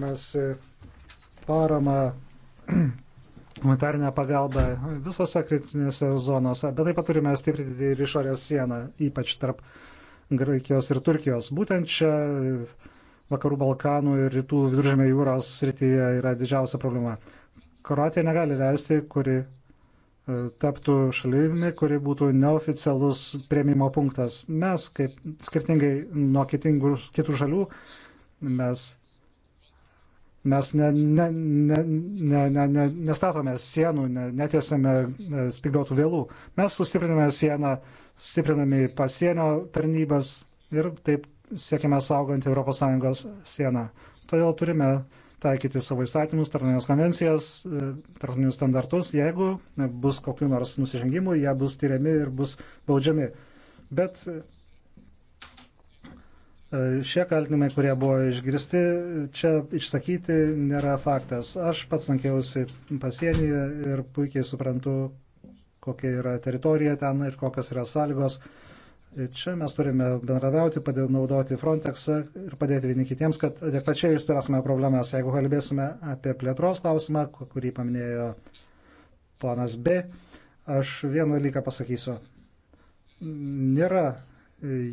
mes e, paramą, humanitarinę pagalbą visose kritinėse zonose, bet taip pat turime stiprinti ir išorės sieną, ypač tarp Graikijos ir Turkijos. Būtent čia e, Vakarų Balkanų ir Rytų Viduržėmė jūros srityje yra didžiausia problema. Kroatija negali leisti, kuri e, taptų šalimi, kuri būtų neoficialus prieimimo punktas. Mes, kaip skirtingai nuo kitingų, kitų šalių, mes Mes ne, ne, ne, ne, ne, ne, nestatome sienų, ne, netiesame e, spigliuotų vėlų. Mes sustipriname sieną, stipriname pasienio tarnybas ir taip siekime saugantį ES sieną. Todėl turime taikyti savo įstatymus, tarnybos konvencijas, e, tarnybos standartus. Jeigu bus kokių nors nusižengimų, jie bus tyriami ir bus baudžiami. Bet Šie kaltinimai, kurie buvo išgirsti, čia išsakyti nėra faktas. Aš pats lankiausi pasienyje ir puikiai suprantu, kokia yra teritorija ten ir kokios yra sąlygos. Čia mes turime bendradauti, naudoti Frontexą ir padėti vieni kitiems, kad adekvačiai išspręsime problemas. Jeigu kalbėsime apie plėtros klausimą, kurį paminėjo ponas B, aš vieną dalyką pasakysiu. Nėra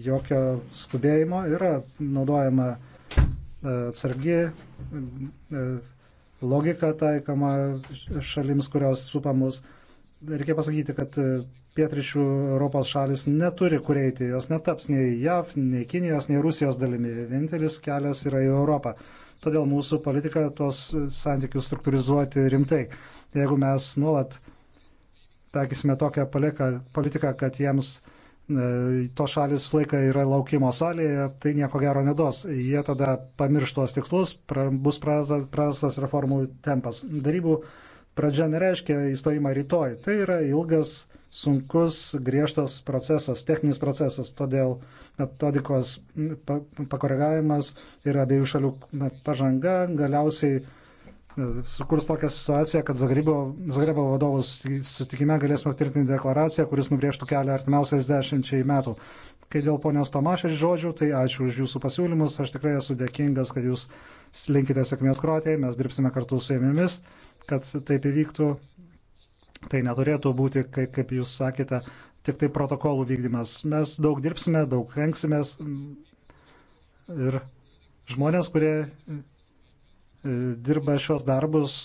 jokio skubėjimo, yra naudojama e, atsargi e, logika taikoma šalims, kurios supa mus. Reikia pasakyti, kad e, pietričių Europos šalis neturi kur eiti, jos netaps nei JAV, nei Kinijos, nei Rusijos dalimi. Vienintelis kelias yra į Europą. Todėl mūsų politika tuos santykius struktūrizuoti rimtai. Jeigu mes nuolat taikysime tokią politiką, kad jiems uh, E, tos šalis visą laiką yra laukimo salėje, tai nieko gero nedos. Jie tada pamirš tuos tikslus, pra, bus prarastas reformų tempas. Darybų pradžia nereiškia įstojimą rytoj. Tai yra ilgas, sunkus, griežtas procesas, techninis procesas, todėl metodikos pakoregavimas ir abiejų šalių pažanga galiausiai sukurs tokią situaciją, kad Zagrebo, Zagrebo vadovus sutikime galėsime tvirtinti deklaraciją, kuris nubrėžtų kelią artimiausiais dešimčiai metų. Kai dėl ponios Tomašės žodžių, tai ačiū už jūsų pasiūlymus, aš tikrai esu dėkingas, kad jūs linkite sėkmės Kroatijai, mes dirbsime kartu su jėmėmis, kad taip įvyktų. Tai neturėtų būti, kaip, kaip jūs sakėte, tik tai protokolų vykdymas. Mes daug dirbsime, daug renksimės ir žmonės, kurie E, dirba šios darbus,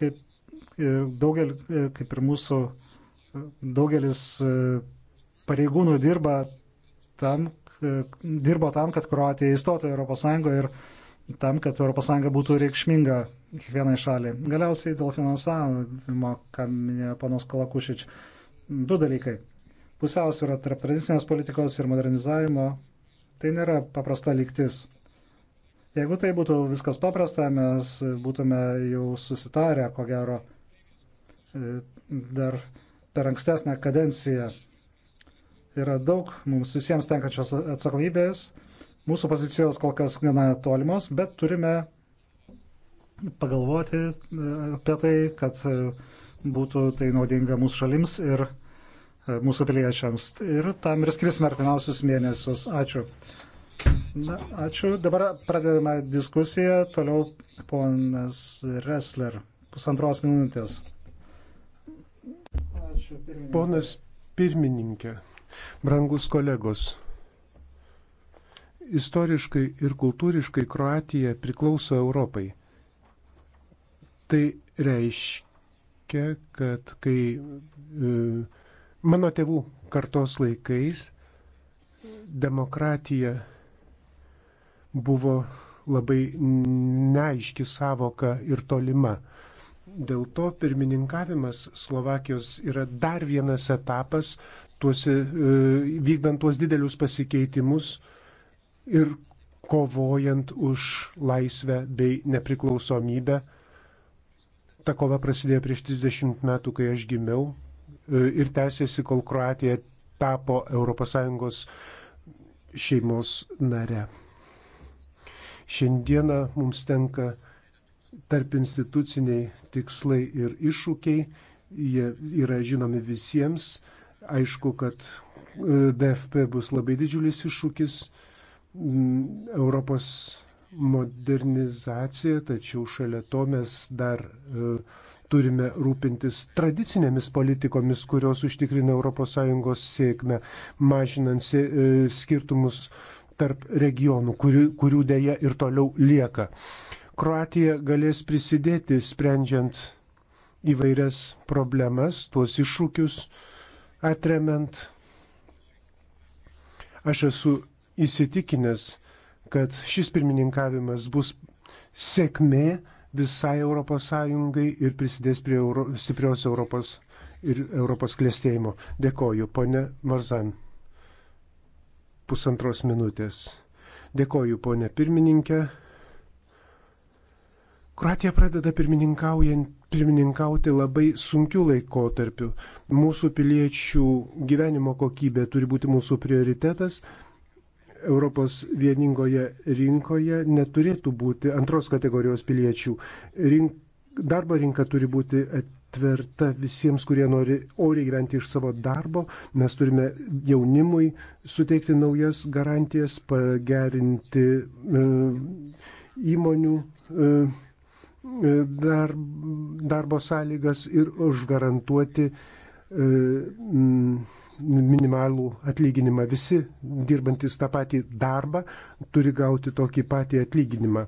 kaip, e, daugel, e, kaip ir mūsų daugelis pareigūnų dirba tam, dirbo tam, kad Kroatija įstotų į ES ir tam, kad ES būtų reikšminga kiekvienai šaliai. Galiausiai dėl finansavimo, ką minėjo panas Kalakušič, du dalykai. Pusiausvyrą tarp tradicinės politikos ir modernizavimo tai nėra paprasta lygtis. Jeigu tai būtų viskas paprasta, mes būtume jau susitarę, ko gero, e, dar per ankstesnę kadenciją. Yra daug mums visiems tenkančios atsakomybės. Mūsų pozicijos kol kas gana tolimos, bet turime pagalvoti e, apie tai, kad e, būtų tai naudinga mūsų šalims ir mūsų piliečiams. Ir tam ir skrisime artimiausius mėnesius. Ačiū. Na, ačiū. Dabar pradedame diskusiją. Toliau ponas Resler. Pusantros minutės. Ačiū, pirmininkė. Ponas pirmininkė, brangus kolegos. Istoriškai ir kultūriškai Kroatija priklauso Europai. Tai reiškia, kad kai e, mano tėvų kartos laikais demokratija buvo labai neaiški savoka ir tolima. Dėl to pirmininkavimas Slovakijos yra dar vienas etapas, tuose, e, vykdant tuos didelius pasikeitimus ir kovojant už laisvę bei nepriklausomybę. Ta kova prasidėjo prieš 30 metų, kai aš gimiau e, ir tęsėsi, kol Kroatija tapo ES šeimos nare. Šiandieną mums tenka tarp instituciniai tikslai ir iššūkiai, jie yra žinomi visiems. Aišku, kad e, DFP bus labai didžiulis iššūkis mm, Europos modernizacija, tačiau šalia to mes dar e, turime rūpintis tradicinėmis politikomis, kurios užtikrina ES sėkmę, mažinant e, skirtumus tarp regionų, kurių, kurių dėja ir toliau lieka. Kroatija galės prisidėti sprendžiant įvairias problemas, tuos iššūkius atremiant. Aš esu įsitikinęs, kad šis pirmininkavimas bus sėkmė visai ES ir prisidės prie Euro, stiprios Europos ir Europos klėstėjimo. Dėkoju, ponė Marzan pusantros minutės. Dėkoju, ponė pirmininkė. Kroatija pradeda pirmininkauti labai sunkiu laikotarpiu. Mūsų piliečių gyvenimo kokybė turi būti mūsų prioritetas. Europos vieningoje rinkoje neturėtų būti antros kategorijos piliečių. Rink, darbo rinka turi būti tvirta visiems, kurie nori oriai gyventi iš savo darbo. Mes turime jaunimui suteikti naujas garantijas, pagerinti e, įmonių e, e dar, darbo sąlygas ir užgarantuoti e, minimalų atlyginimą. Visi dirbantis tą patį darbą turi gauti tokį patį atlyginimą.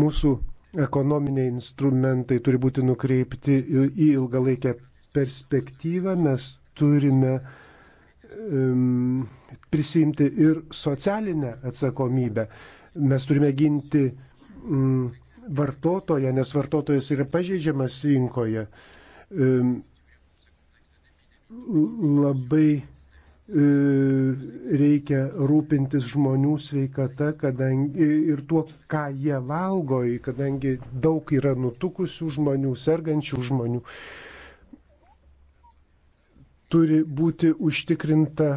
Mūsų ekonominiai instrumentai turi būti nukreipti į ilgalaikę perspektyvą. Mes turime um, prisimti ir socialinę atsakomybę. Mes turime ginti um, vartotoją, nes vartotojas yra pažeidžiamas rinkoje. Um, labai E, reikia rūpintis žmonių sveikata kadangi, ir tuo, ką jie valgo, kadangi daug yra nutukusių žmonių, sergančių žmonių. Turi būti užtikrinta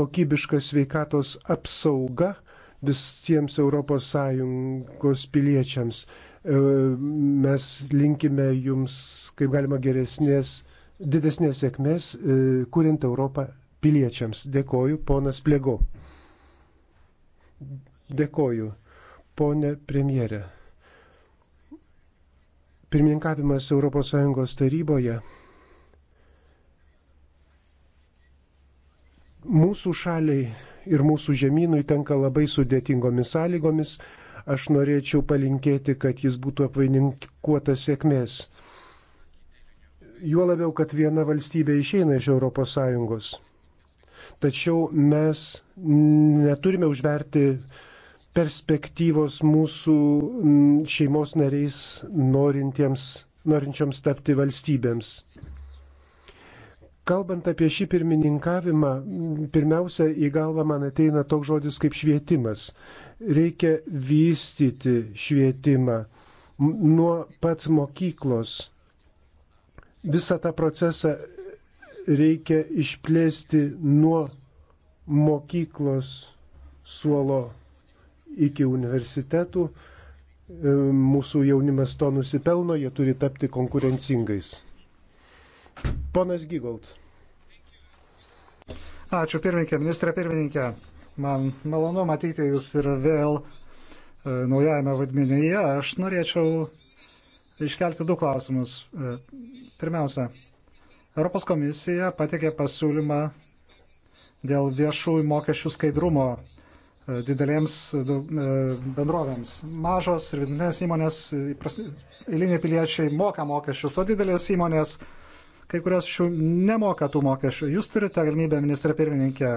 kokybiška sveikatos apsauga visiems ES piliečiams. E, mes linkime jums, kaip galima, geresnės, didesnės sėkmės, e, kuriant Europą piliečiams. Dėkoju, ponas Plego. Dėkoju, ponė premjerė. Pirmininkavimas ES taryboje mūsų šaliai ir mūsų žemynui tenka labai sudėtingomis sąlygomis. Aš norėčiau palinkėti, kad jis būtų apvaininkuotas sėkmės. Juo labiau, kad viena valstybė išeina iš ES. Tačiau mes neturime užverti perspektyvos mūsų mm, šeimos nariais norinčiams tapti valstybėms. Kalbant apie šį pirmininkavimą, pirmiausia į galvą man ateina toks žodis kaip švietimas. Reikia vystyti švietimą nuo pat mokyklos. Visą tą procesą reikia išplėsti nuo mokyklos suolo iki universitetų. E, mūsų jaunimas to nusipelno, jie turi tapti konkurencingais. Ponas Gygold. Ačiū pirmininkė, ministrė pirmininkė. Man malonu matyti jūs ir vėl e, naujajame vadmenyje. Aš norėčiau iškelti du klausimus. E, pirmiausia, Europos komisija patikė pasiūlymą dėl viešųjų mokesčių skaidrumo e, didelėms e, bendrovėms. Mažos ir vidutinės įmonės, eiliniai piliečiai moka mokesčius, o didelės įmonės, kai kurios šių nemoka tų mokesčių. Jūs turite galimybę, ministrė pirmininkė,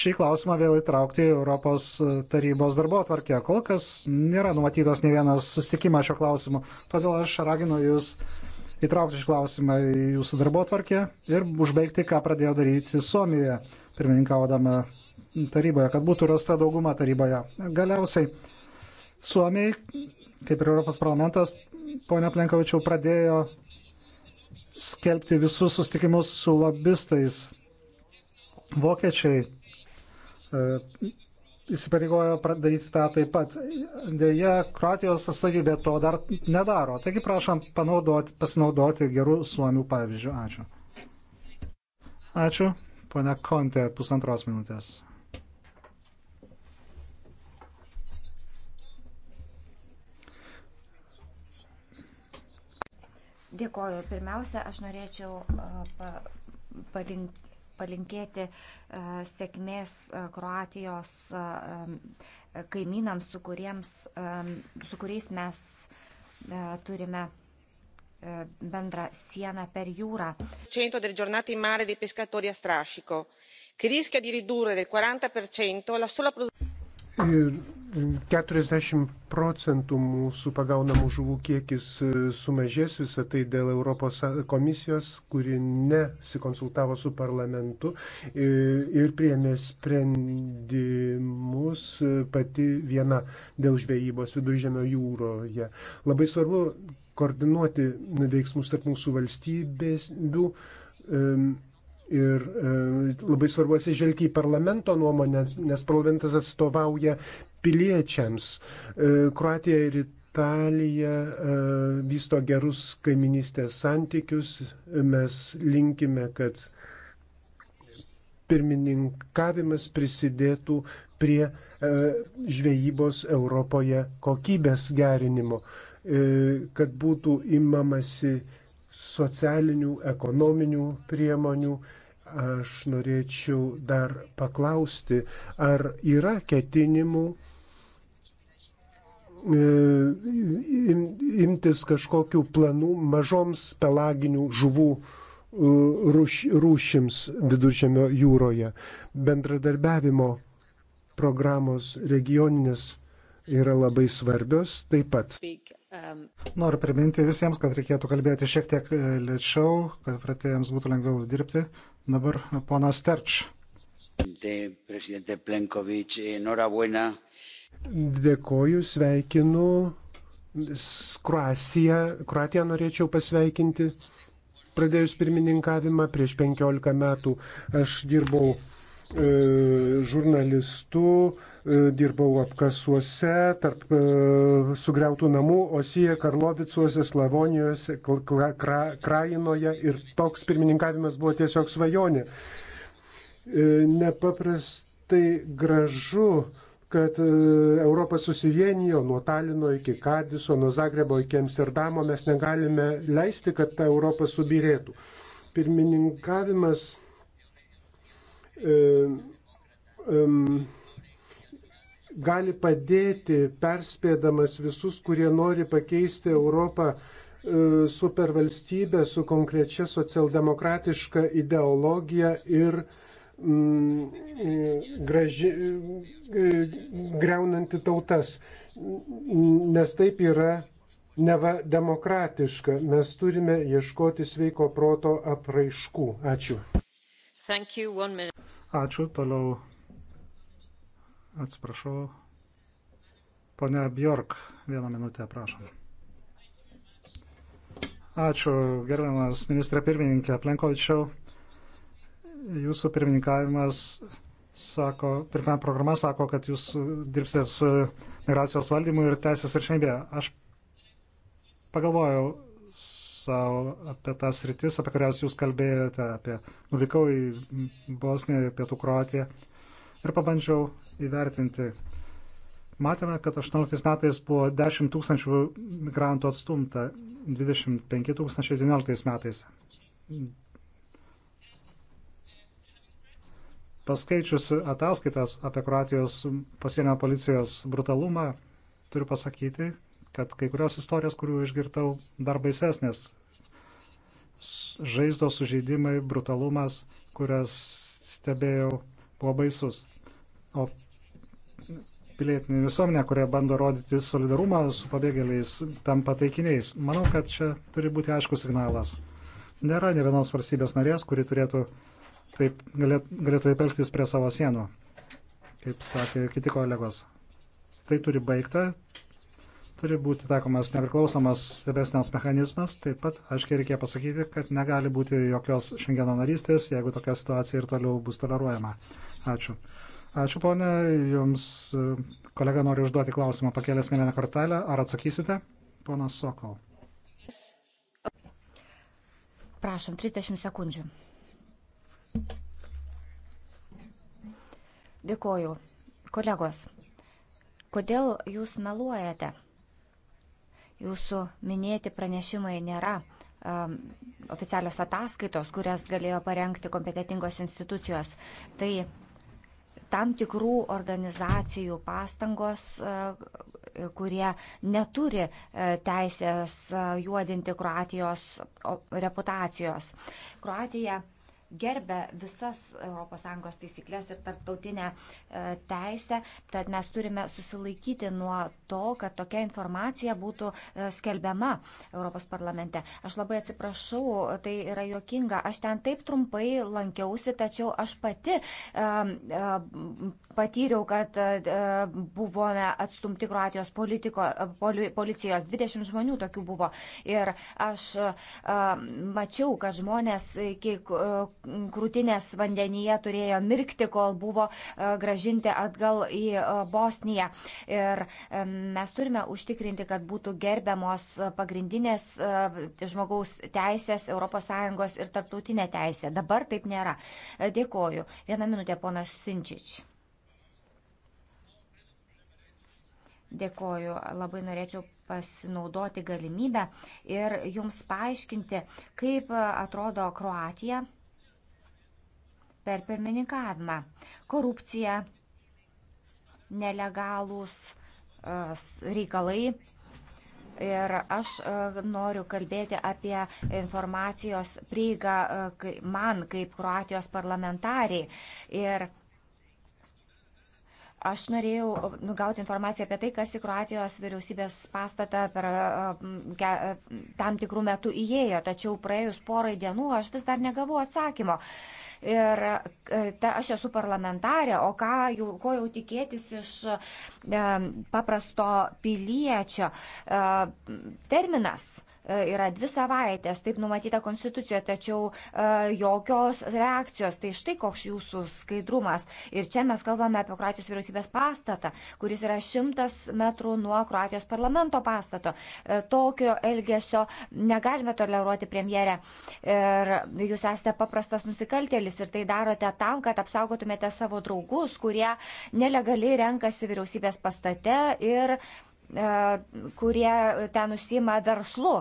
šį klausimą vėl įtraukti į Europos tarybos darbo atvarkę. Kol kas nėra numatytas ne vienas susitikimas šio klausimu. Todėl aš raginu jūs įtraukti šį klausimą į jūsų darbo atvarkę ir užbaigti, ką pradėjo daryti Suomija, pirmininkaudama taryboje, kad būtų rasta dauguma taryboje. Galiausiai Suomijai, kaip ir Europos parlamentas, ponia Plenkovičiau, pradėjo skelbti visus sustikimus su lobistais. Vokiečiai įsipareigojo daryti tą taip pat. Deja, Kroatijos atstovybė to dar nedaro. Taigi prašom panaudoti, pasinaudoti gerų suomių pavyzdžių. Ačiū. Ačiū. Pane Konte, pusantros minutės. Dėkoju. Pirmiausia, aš norėčiau uh, pa, palink, palinkėti e, sėkmės e, Kroatijos e, kaimynams, su, kuriems, su kuriais mes turime bendrą sieną per jūrą. Centro delle giornate in mare dei pescatori a strascico, che rischia di ridurre del 40% la sola produzione 40 procentų mūsų pagaunamų žuvų kiekis e, sumažės visą tai dėl Europos komisijos, kuri nesikonsultavo su parlamentu e, ir priemė sprendimus e, pati viena dėl žvejybos viduržėmio jūroje. Labai svarbu koordinuoti veiksmus tarp mūsų valstybės. Du, Ir e, labai svarbu atsižvelgti į parlamento nuomonę, nes parlamentas atstovauja piliečiams. E, Kroatija ir Italija e, vysto gerus kaiminystės santykius. Mes linkime, kad pirmininkavimas prisidėtų prie e, žvejybos Europoje kokybės gerinimo, e, kad būtų imamasi socialinių, ekonominių priemonių, Aš norėčiau dar paklausti, ar yra ketinimų e, imtis kažkokių planų mažoms pelaginių žuvų e, rūš, rūšims viduržėmio jūroje. Bendradarbiavimo programos regioninės yra labai svarbios taip pat. Noriu priminti visiems, kad reikėtų kalbėti šiek tiek e, lėčiau, kad pratėjams būtų lengviau dirbti. Dabar ponas Terč. Dėkoju, sveikinu. Kroatiją, Kroatiją norėčiau pasveikinti. Pradėjus pirmininkavimą prieš 15 metų aš dirbau e, žurnalistu, e, E, dirbau apkasuose, tarp e, sugriautų namų, Osije, Karlovicuose, Slavonijoje, Krainoje ir toks pirmininkavimas buvo tiesiog svajonė. E, nepaprastai gražu kad Europa susivienijo nuo Talino iki Kadiso, nuo Zagrebo iki Amsterdamo, mes negalime leisti, kad ta Europa subirėtų. Pirmininkavimas e, um, gali padėti perspėdamas visus, kurie nori pakeisti Europą e, supervalstybę su konkrečia socialdemokratiška ideologija ir mm, graži, e, greunanti tautas. Nes taip yra neva demokratiška. Mes turime ieškoti sveiko proto apraiškų. Ačiū. Ačiū. Toliau Atsiprašau. Pone Bjork, vieną minutę, prašom. Ačiū, gerbiamas ministrė pirmininkė Plenkovičiau. Jūsų pirmininkavimas sako, pirmame programa sako, kad jūs dirbsite su migracijos valdymu ir teisės ir šiandien. Aš pagalvojau savo apie tas rytis, apie kurias jūs kalbėjote, apie nuvykau į Bosniją, Pietų Kroatiją ir pabandžiau įvertinti. Matėme, kad 18 metais buvo 10 tūkstančių migrantų atstumta, 25 tūkstančių 19 metais. Paskaičius ataskaitas apie Kroatijos pasienio policijos brutalumą, turiu pasakyti, kad kai kurios istorijos, kurių išgirtau, dar baisesnės. Žaizdos sužeidimai, brutalumas, kurias stebėjau, buvo baisus. O pilietinė visuomenė, kurie bando rodyti solidarumą su pabėgėliais, tampa taikiniais. Manau, kad čia turi būti aiškus signalas. Nėra ne vienos valstybės narės, kuri turėtų taip, galėtų taip elgtis prie savo sienų, kaip sakė kiti kolegos. Tai turi baigta, turi būti taikomas nepriklausomas stebesnės mechanizmas. Taip pat aiškiai reikia pasakyti, kad negali būti jokios šengeno narystės, jeigu tokia situacija ir toliau bus toleruojama. Ačiū. Ačiū, ponė. Jums e, kolega nori užduoti klausimą pakėlęs mėlyną kortelę. Ar atsakysite? Ponas Sokol. Prašom, 30 sekundžių. Dėkoju. Kolegos, kodėl jūs meluojate? Jūsų minėti pranešimai nėra um, oficialios ataskaitos, kurias galėjo parengti kompetitingos institucijos. Tai tam tikrų organizacijų pastangos, e, kurie neturi e, teisės e, juodinti Kroatijos reputacijos. Kroatija gerbia visas ES taisyklės ir tarptautinę e, teisę, tad mes turime susilaikyti nuo to, kad tokia informacija būtų e, skelbiama Europos parlamente. Aš labai atsiprašau, tai yra juokinga. Aš ten taip trumpai lankiausi, tačiau aš pati e, patyriau, kad buvome atstumti Kroatijos politiko, poli, policijos. 20 žmonių tokių buvo. Ir aš mačiau, kad žmonės iki krūtinės vandenyje turėjo mirkti, kol buvo e, gražinti atgal į e, Bosniją. Ir e, mes turime užtikrinti, kad būtų gerbiamos pagrindinės žmogaus teisės, ES ir tarptautinė teisė. Dabar taip nėra. Dėkoju. Vieną minutę, ponas Sinčič. Dėkoju, labai norėčiau pasinaudoti galimybę ir jums paaiškinti, kaip atrodo Kroatija per pirmininkavimą. Korupcija, nelegalūs e, reikalai. Ir aš e, noriu kalbėti apie informacijos prieigą e, man kaip Kroatijos parlamentariai. Ir Aš norėjau nu, gauti informaciją apie tai, kas į Kroatijos vyriausybės pastatą per tam tikrų metų įėjo, tačiau praėjus porai dienų aš vis dar negavau atsakymo. Ir ta, aš esu parlamentarė, o ką, jau, ko jau tikėtis iš e, paprasto piliečio? E, terminas E, yra dvi savaitės, taip numatyta konstitucijoje, tačiau e, jokios reakcijos. Tai štai koks jūsų skaidrumas. Ir čia mes kalbame apie Kroatijos vyriausybės pastatą, kuris yra šimtas metrų nuo Kroatijos parlamento pastato. E, tokio elgesio negalime toleruoti premjerę. Ir jūs esate paprastas nusikaltėlis ir tai darote tam, kad apsaugotumėte savo draugus, kurie nelegaliai renkasi vyriausybės pastate ir kurie ten užsima verslu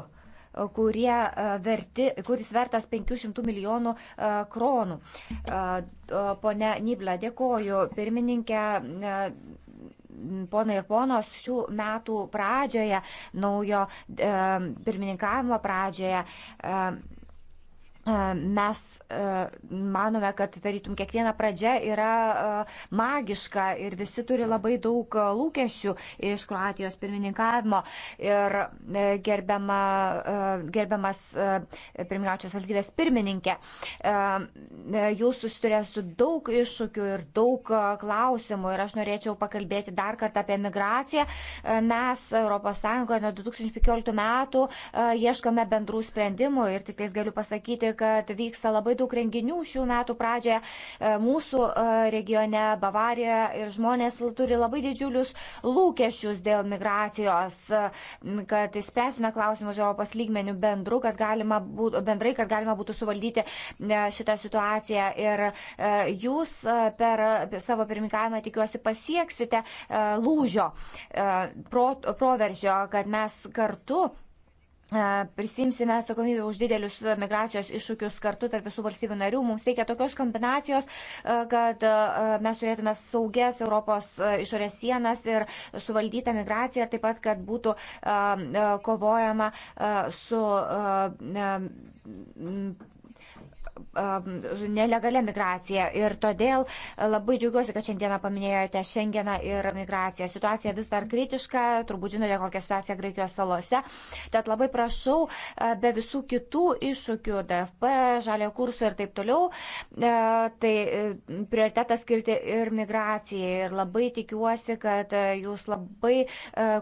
kurie e, verti, kuris vertas 500 milijonų e, kronų. E, pone Nibla, dėkoju. Pirmininkė, ponai ir ponos, šių metų pradžioje, naujo pirmininkavimo pradžioje E, mes e, manome, kad tarytum kiekviena pradžia yra e, magiška ir visi turi labai daug lūkesčių iš Kroatijos pirmininkavimo. Ir gerbiama, gerbiamas pirmininkaučios valstybės pirmininkė, jūs susiturė su daug iššūkių ir daug klausimų. Ir aš norėčiau pakalbėti dar kartą apie migraciją. Mes ES nuo 2015 metų ieškome bendrų sprendimų ir tik tais galiu pasakyti, kad vyksta labai daug renginių šių metų pradžioje e, mūsų e, regione, Bavarijoje ir žmonės turi labai didžiulius lūkesčius dėl migracijos, e, kad spręsime klausimus Europos lygmenių bendru, kad galima būtų, bendrai, kad galima būtų suvaldyti šitą situaciją. Ir jūs per savo pirmininkavimą tikiuosi pasieksite lūžio, pro, proveržio, kad mes kartu prisimsime atsakomybę už didelius migracijos iššūkius kartu tarp visų valstybių narių. Mums reikia tokios kombinacijos, kad mes turėtume saugias Europos išorės sienas ir suvaldytą migraciją, ir taip pat, kad būtų kovojama su Um, nelegalia migracija. Ir todėl uh, labai džiaugiuosi, kad šiandieną paminėjote Šengeną ir migraciją. Situacija vis dar kritiška, turbūt žinote, kokia situacija Graikijos salose. Tad labai prašau, uh, be visų kitų iššūkių, DFP, žalio kurso ir taip toliau, uh, tai prioritetą skirti ir migracijai. Ir labai tikiuosi, kad jūs labai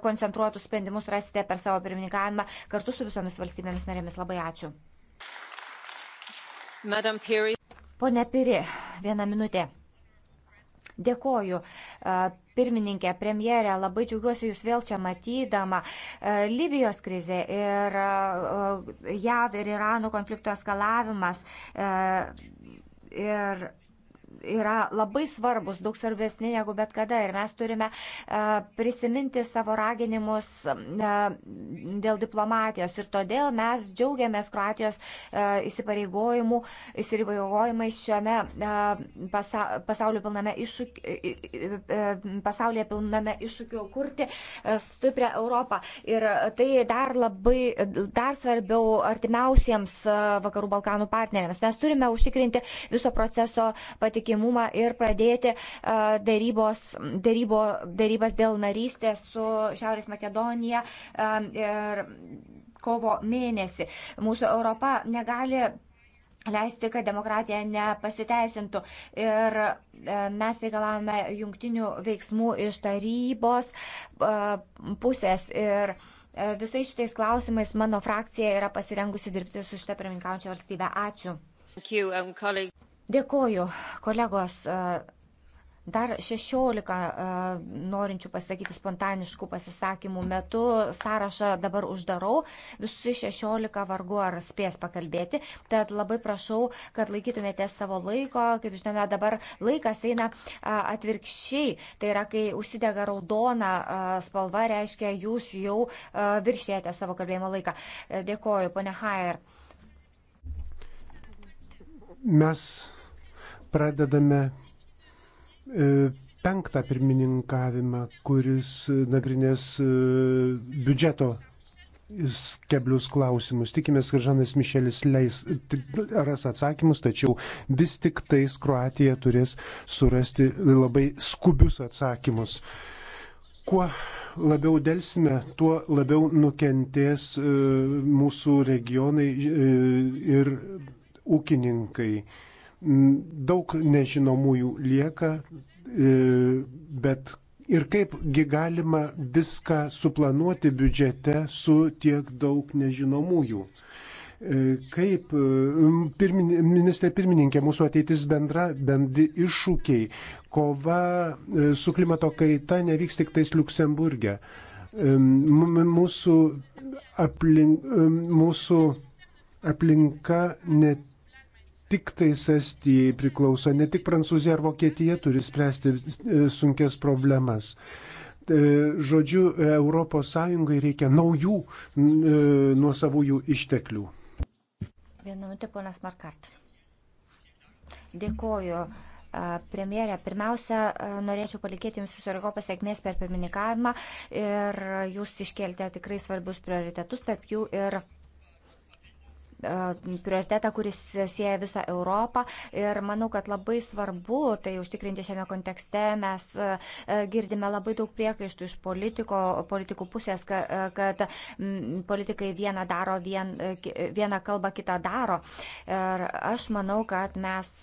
koncentruotus sprendimus rasite per savo pirmininkavimą kartu su visomis valstybėmis narėmis. Labai ačiū. Pone Piri, vieną minutę. Dėkoju. Pirmininkė, premjerė, labai džiaugiuosi Jūs vėl čia matydama. Libijos krizė ir JAV ir Irano konflikto eskalavimas. Ir yra labai svarbus, daug svarbesni negu bet kada. Ir mes turime e, prisiminti savo raginimus e, dėl diplomatijos. Ir todėl mes džiaugiamės Kroatijos e, įsipareigojimais šiame pasaulio pilname iššūkiu, pasaulyje pilname iššūkiu kurti stiprią Europą. Ir tai dar labai, dar svarbiau artimiausiems Vakarų Balkanų partneriams. Mes turime užtikrinti viso proceso patikimą patikimumą ir pradėti darybos, darybo, darybas dėl narystės su Šiaurės Makedonija. Ir kovo mėnesį. Mūsų Europa negali leisti, kad demokratija nepasiteisintų. Ir e, mes reikalavome jungtinių veiksmų iš tarybos pusės. Ir e, visais šitais klausimais mano frakcija yra pasirengusi dirbti su šitą pirmininkaujančią valstybę. Ačiū. Thank you, um, colleague. Dėkoju, kolegos. Dar 16 norinčių pasakyti spontaniškų pasisakymų metu sąrašą dabar uždarau. Visi 16 vargu ar spės pakalbėti. Tad labai prašau, kad laikytumėte savo laiko. Kaip žinome, dabar laikas eina atvirkščiai. Tai yra, kai užsidega raudona spalva, reiškia, jūs jau viršėjate savo kalbėjimo laiką. Dėkoju, ponia Haier. Mes pradedame e, penktą pirmininkavimą, kuris nagrinės e, biudžeto keblius klausimus. Tikimės, kad Žanas Mišelis leis, ras atsakymus, tačiau vis tik tais Kroatija turės surasti labai skubius atsakymus. Kuo labiau dėlsime, tuo labiau nukentės e, mūsų regionai ir ūkininkai daug nežinomųjų lieka, e, bet ir kaipgi galima viską suplanuoti biudžete su tiek daug nežinomųjų. E, kaip e, pirmin, ministrė pirmininkė, mūsų ateitis bendra, bendri iššūkiai, kova su klimato kaita nevyks tik tais Luksemburgė. Mūsų, aplink, mūsų aplinka ne tik tais Estijai priklauso, ne tik Prancūzija ar Vokietija turi spręsti e, sunkes problemas. E, žodžiu, ES reikia naujų e, nuosavųjų išteklių. Vieną minutę, ponas Markart. Dėkoju. Premjerė, pirmiausia, norėčiau palikėti Jums viso Europos sėkmės per pirmininkavimą ir Jūs iškeltė tikrai svarbius prioritetus, tarp jų ir E, prioritetą, kuris sieja visą Europą. Ir manau, kad labai svarbu tai užtikrinti šiame kontekste. Mes e, e, girdime labai daug priekaištų iš politiko, politikų pusės, kad politikai vieną daro, vien, vieną kalbą kitą daro. Ir aš manau, kad mes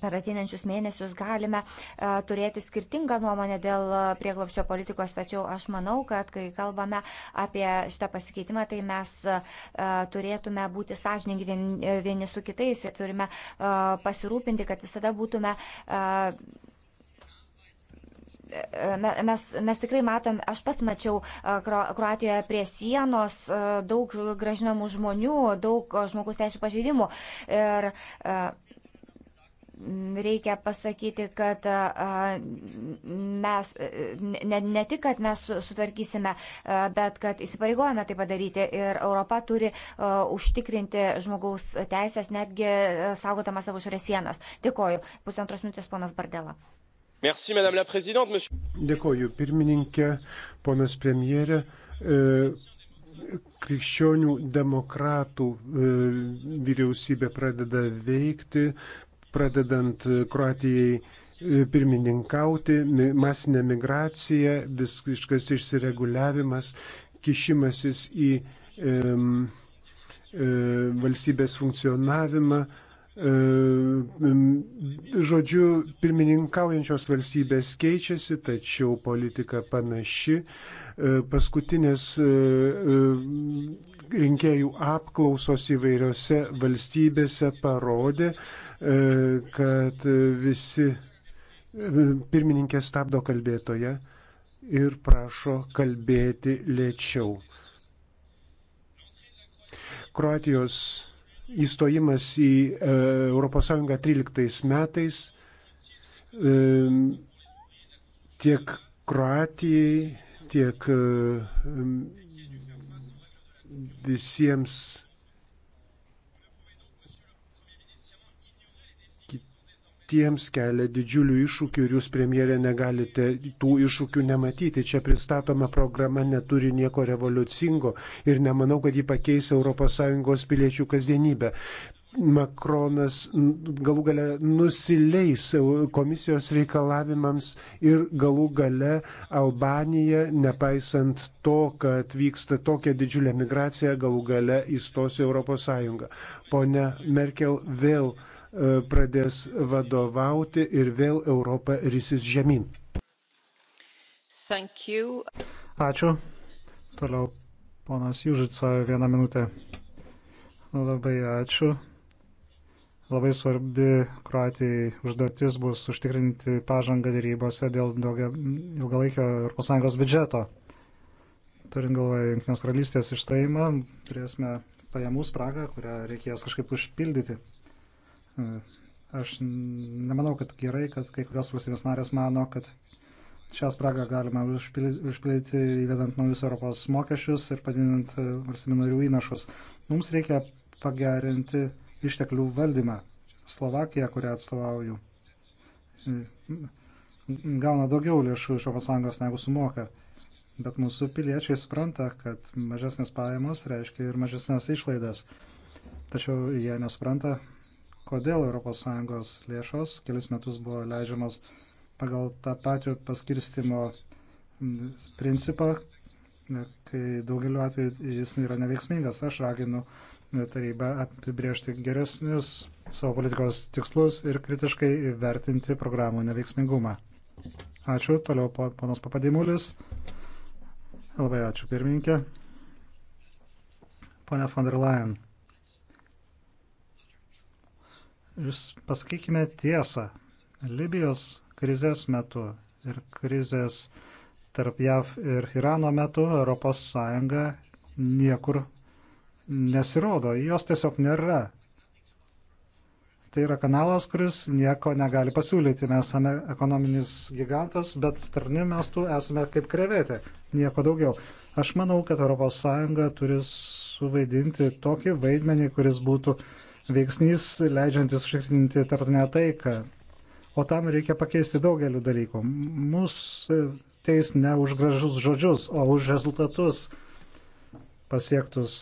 per ateinančius mėnesius galime a, e, turėti skirtingą nuomonę dėl e, prieglopščio politikos, tačiau aš manau, kad kai kalbame apie šitą pasikeitimą, tai mes a, e, turėtume būti sąžininkai vieni, vieni su kitais ir turime a, pasirūpinti, kad visada būtume. A, Mes, mes tikrai matom, aš pats mačiau Kroatijoje prie sienos daug gražinamų žmonių, daug žmogus teisų pažeidimų. Ir, a, reikia pasakyti, kad mes ne, ne tik, kad mes sutvarkysime, bet kad įsipareigojame tai padaryti ir Europa turi užtikrinti žmogaus teisės, netgi saugodama savo šurės sienas. Dėkoju. Pusantros minutės ponas Bardela. Merci, madame la présidente, monsieur. Dėkoju, pirmininkė, ponas premjerė. E, krikščionių demokratų e, vyriausybė pradeda veikti, pradedant Kroatijai e, pirmininkauti, masinė migracija, visiškas išsireguliavimas, kišimasis į e, e, valstybės funkcionavimą, Žodžiu, pirmininkaujančios valstybės keičiasi, tačiau politika panaši. E, paskutinės e, e, rinkėjų apklausos įvairiose valstybėse parodė, kad visi pirmininkė stabdo kalbėtoje ir prašo kalbėti lėčiau. Kroatijos įstojimas į ES 13 metais e, tiek Kroatijai, tiek e, visiems tiems kelia didžiulių iššūkių ir jūs, premjerė, negalite tų iššūkių nematyti. Čia pristatoma programa neturi nieko revoliucingo ir nemanau, kad ji pakeis ES piliečių kasdienybę. Makronas galų gale nusileis komisijos reikalavimams ir galų gale Albanija, nepaisant to, kad vyksta tokia didžiulė migracija, galų gale įstos į Europos Sąjungą. Pone Merkel vėl uh, E, pradės vadovauti ir vėl Europa rysis žemyn. Ačiū. Toliau ponas Jūžica vieną minutę. Labai ačiū. Labai svarbi Kroatijai užduotis bus užtikrinti pažangą dėrybose dėl daugia, ilgalaikio ES biudžeto. Turint galvoje Junktinės karalystės išstojimą, turėsime pajamų spragą, kurią reikės kažkaip užpildyti. Aš nemanau, kad gerai, kad kai kurios valstybės narės mano, kad šią spragą galima užpildyti įvedant naujus Europos mokesčius ir padidinant e, valstybių narių įnašus. Mums reikia pagerinti išteklių valdymą. Slovakija, kurią atstovauju, e, gauna daugiau lėšų iš Europos Sąjungos negu sumoka. Bet mūsų piliečiai supranta, kad mažesnės pajamos reiškia ir mažesnės išlaidas. Tačiau jie nesupranta, kodėl ES lėšos kelius metus buvo leidžiamos pagal tą patį paskirstimo principą, kai daugeliu atveju jis yra neveiksmingas. Aš raginu tarybą apibriežti geresnius savo politikos tikslus ir kritiškai vertinti programų neveiksmingumą. Ačiū. Toliau ponas Papadimulis. Labai ačiū pirmininkė. Pone von der Leyen. Jūs pasakykime tiesą. Libijos krizės metu ir krizės tarp JAV ir Irano metu ES niekur nesirodo. Jos tiesiog nėra. Tai yra kanalas, kuris nieko negali pasiūlyti. Mes esame ekonominis gigantas, bet tarniu mes tu esame kaip krevetė. Nieko daugiau. Aš manau, kad ES turi suvaidinti tokį vaidmenį, kuris būtų uh, veiksnys, leidžiantis užtikrinti tarptautinę taiką. O tam reikia pakeisti daugelių dalykų. Mūsų e, teis ne už gražus žodžius, o už rezultatus pasiektus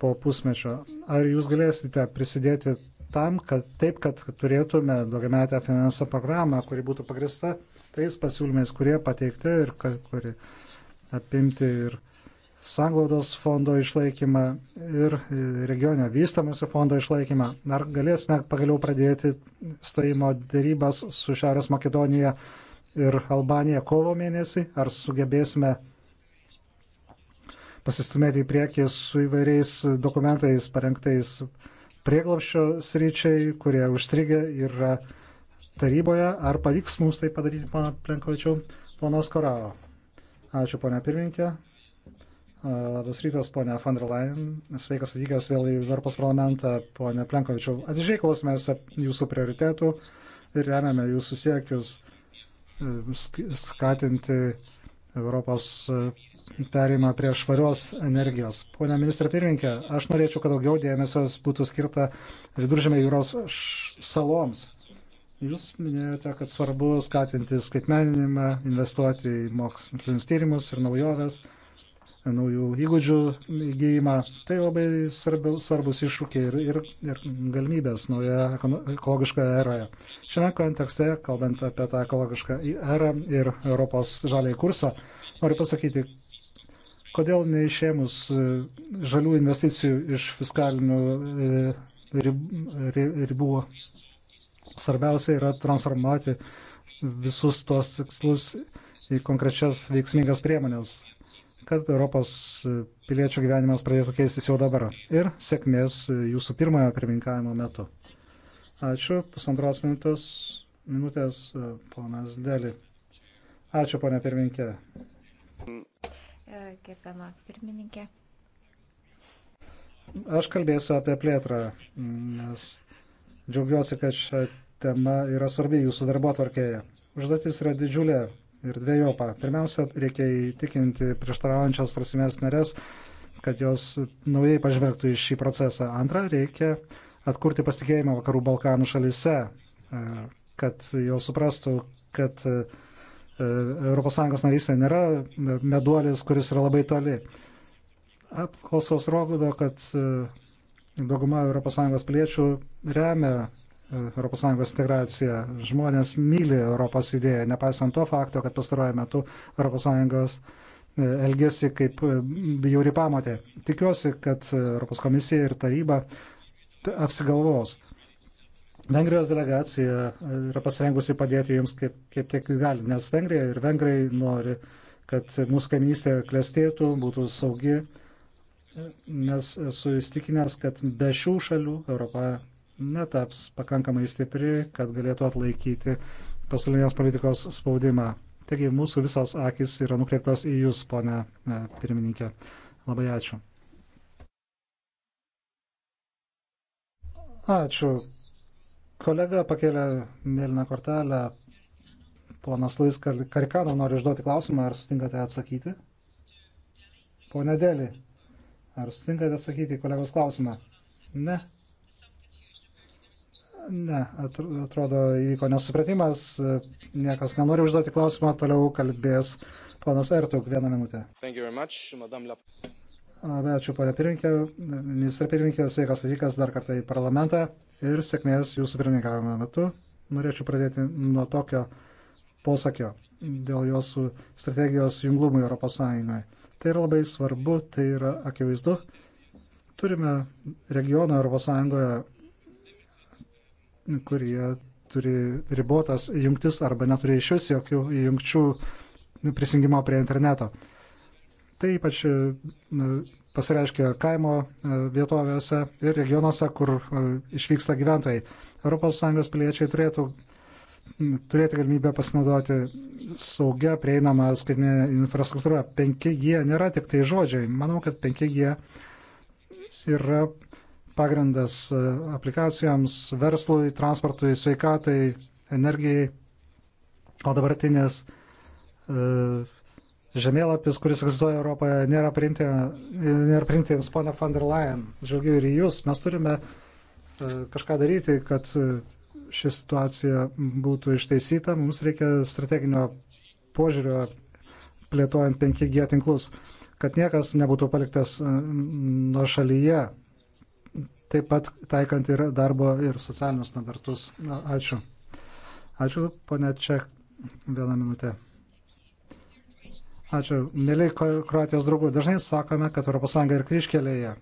po pusmečio. Ar jūs galėsite prisidėti tam, kad taip, kad turėtume daugiametę finansą programą, kuri būtų pagrista tais pasiūlymais, kurie pateikti ir kuri apimti ir sanglaudos fondo išlaikymą ir regioninio vystamosi fondo išlaikymą. Ar galėsime pagaliau pradėti stojimo dėrybas su Šiaurės Makedonija ir Albanija kovo mėnesį? Ar sugebėsime pasistumėti į priekį su įvairiais dokumentais parengtais prieglapščio sryčiai, kurie užstrigę yra taryboje? Ar pavyks mums tai padaryti, pana Plenkovičiau, ponas Korao? Ačiū, ponia pirmininkė. Labas rytas, ponia von der Leyen. Sveikas atvykęs vėl į Europos parlamentą, ponia Plenkovičiau. Atidžiai klausomės jūsų prioritetų ir remiame jūsų siekius e, skatinti Europos e, perėjimą prie švarios energijos. Pone ministrė pirmininkė, aš norėčiau, kad daugiau dėmesio būtų skirta viduržėmė jūros saloms. Jūs minėjote, kad svarbu skatinti skaitmeninimą, investuoti į mokslinius tyrimus ir naujoves naujų įgūdžių įgyjimą. Tai labai svarbi, svarbus iššūkiai ir, ir, ir galimybės naujoje ekologiškoje eroje. Šiame kontekste, kalbant apie tą ekologišką erą ir Europos žaliai kursą, noriu pasakyti, kodėl neišėmus e, žalių investicijų iš fiskalinių e, ribų svarbiausia yra transformuoti visus tuos tikslus į konkrečias veiksmingas priemonės kad Europos piliečių gyvenimas pradėtų keistis jau dabar. Ir sėkmės jūsų pirmojo pirmininkavimo metu. Ačiū. Pusantros minutės, minutės e, ponas Deli. Ačiū, ponė pirmininkė. E, gerbiama pirmininkė. Aš kalbėsiu apie plėtrą, nes džiaugiuosi, kad šią temą yra svarbi jūsų darbo tvarkėje. Užduotis yra didžiulė ir dviejopą. Pirmiausia, reikia įtikinti prieštaraujančias prasimės narės, kad jos naujai pažvelgtų į šį procesą. Antra, reikia atkurti pasitikėjimą vakarų Balkanų šalise, e, kad jos suprastų, kad ES narystė nėra meduolis, kuris yra labai toli. Apklausos rodo, kad e, dauguma ES piliečių remia ES integraciją. Žmonės myli Europos idėją, nepaisant to fakto, kad pastarojame metu ES e, elgesi kaip e, bjauri pamatė. Tikiuosi, kad Europos komisija ir taryba apsigalvos. Vengrijos delegacija e, yra pasirengusi padėti jums kaip, kaip tiek gali, nes Vengrija ir Vengrai nori, kad mūsų kaiminystė klestėtų, būtų saugi, nes esu įstikinęs, kad be šių šalių Europa netaps pakankamai stipri, kad galėtų atlaikyti pasaulinės politikos spaudimą. Taigi mūsų visos akis yra nukreiptos į Jūs, ponė e, pirmininkė. Labai ačiū. Ačiū. Kolega pakėlė mėlyną kortelę. Ponas Luis Karikano nori užduoti klausimą, ar sutinkate atsakyti? Pone Dėlį, ar sutinkate atsakyti kolegos klausimą? Ne. Ne, atrodo, įvyko nesupratimas, niekas nenori užduoti klausimą, toliau kalbės ponas Ertuk vieną minutę. Labai ačiū, ponė pirmininkė, ministrė pirmininkė, sveikas atvykas dar kartą į parlamentą ir sėkmės jūsų pirmininkavimo metu. Norėčiau pradėti nuo tokio posakio dėl jūsų strategijos junglumui Europos Sąjungoje. Tai yra labai svarbu, tai yra akivaizdu. Turime regioną Europos Sąjungoje kurie turi ribotas jungtis arba neturi iš vis jokių jungčių prisijungimo prie interneto. Tai ypač e, pasireiškia kaimo e, vietovėse ir regionuose, kur e, išvyksta gyventojai. ES piliečiai turėtų turėti galimybę pasinaudoti saugia prieinama skaitinė infrastruktūra. 5G nėra tik tai žodžiai. Manau, kad 5G yra pagrindas e, aplikacijoms, verslui, transportui, sveikatai, energijai. O dabartinės e, žemėlapis, kuris egzistuoja Europoje, nėra priimtinas e, ponia von der Leyen. Žvelgiu ir į jūs, mes turime kažką daryti, kad ši situacija būtų išteisyta. Mums reikia strateginio požiūrio plėtojant 5G tinklus, kad niekas nebūtų paliktas nuo šalyje taip pat taikant ir darbo ir socialinius standartus. Ačiū. Ačiū, ponia Ček, vieną minutę. Ačiū. Mėly Kroatijos draugų, dažnai sakome, kad ES ir kryškelėje.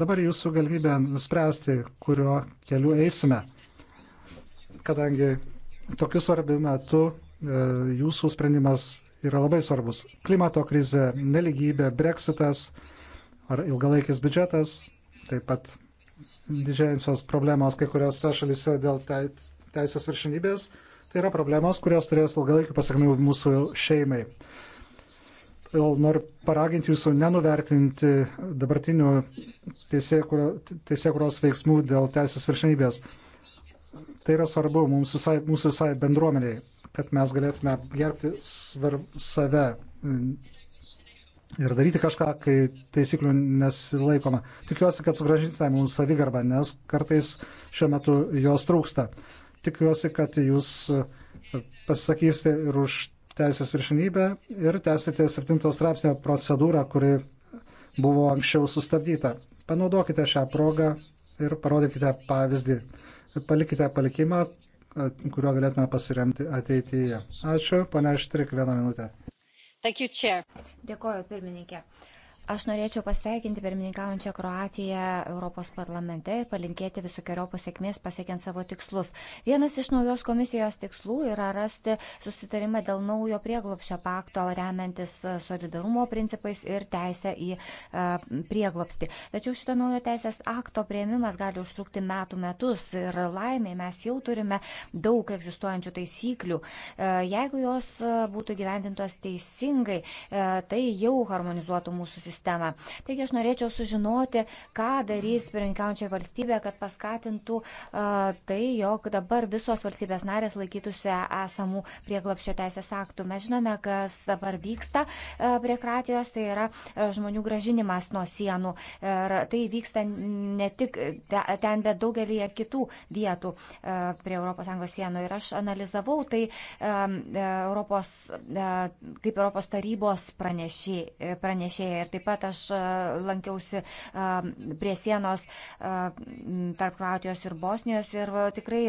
Dabar jūsų galimybė nuspręsti, kuriuo keliu eisime. Kadangi tokiu svarbiu metu e, jūsų sprendimas yra labai svarbus. Klimato krize, neligybė, breksitas ar ilgalaikis biudžetas, taip pat didžiausios problemos kai kuriuose šalise dėl teisės viršinybės. Tai yra problemos, kurios turės ilgalaikį pasakmių mūsų šeimai. Todėl noriu paraginti jūsų nenuvertinti dabartinių teisėkuros veiksmų dėl teisės viršinybės. Tai yra svarbu mums visai, mūsų visai bendruomeniai, kad mes galėtume gerbti save ir daryti kažką, kai taisyklių nesilaikoma. Tikiuosi, kad sugražinsime mums savigarbą, nes kartais šiuo metu jos trūksta. Tikiuosi, kad jūs pasisakysite ir už teisės viršinybę ir tęsite 7 straipsnio procedūrą, kuri buvo anksčiau sustabdyta. Panaudokite šią progą ir parodykite pavyzdį. Palikite palikimą, kuriuo galėtume pasiremti ateityje. Ačiū, pane Štrik, vieną minutę. You, Dėkoju, pirmininkė. Aš norėčiau pasveikinti pirmininkaujančią Kroatiją Europos parlamente ir palinkėti visokiojo pasiekmės pasiekiant savo tikslus. Vienas iš naujos komisijos tikslų yra rasti susitarimą dėl naujo prieglopščio pakto remiantis e, solidarumo principais ir teisę į e, prieglopstį. Tačiau šito naujo teisės akto prieimimas gali užtrukti metų metus ir laimiai mes jau turime daug egzistuojančių taisyklių. E, jeigu jos būtų gyvendintos teisingai, tai jau harmonizuotų mūsų sistemą sistemą. Taigi aš norėčiau sužinoti, ką darys pirinkiaujančia valstybė, kad paskatintų tai, jog dabar visos valstybės narės laikytųsi esamų prieglapščio teisės aktų. Mes žinome, kas dabar vyksta prie Kratijos, tai yra žmonių gražinimas nuo sienų. Ir tai vyksta ne tik ten, bet daugelį kitų vietų prie ES sienų. Ir aš analizavau tai Europos, kaip Europos tarybos pranešėja ir taip Taip pat aš e, lankiausi e, prie sienos e, tarp Kroatijos ir Bosnijos ir tikrai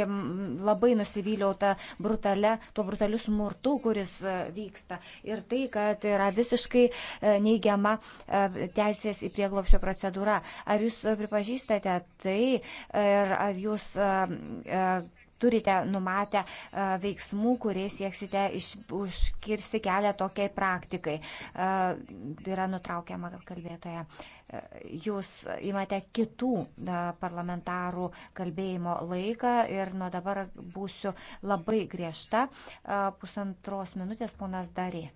labai nusivyliau tą brutalę, tuo brutaliu smurtu, kuris vyksta. Ir tai, kad yra visiškai neigiama teisės į prieglopšio procedūrą. Ar jūs pripažįstate tai ir ar jūs turite numatę e, veiksmų, kurie sieksite iš, užkirsti kelią tokiai praktikai. E, yra nutraukiama kalbėtoja. E, jūs imate kitų parlamentarų kalbėjimo laiką ir nuo dabar būsiu labai griežta. Pusantros minutės ponas Darė.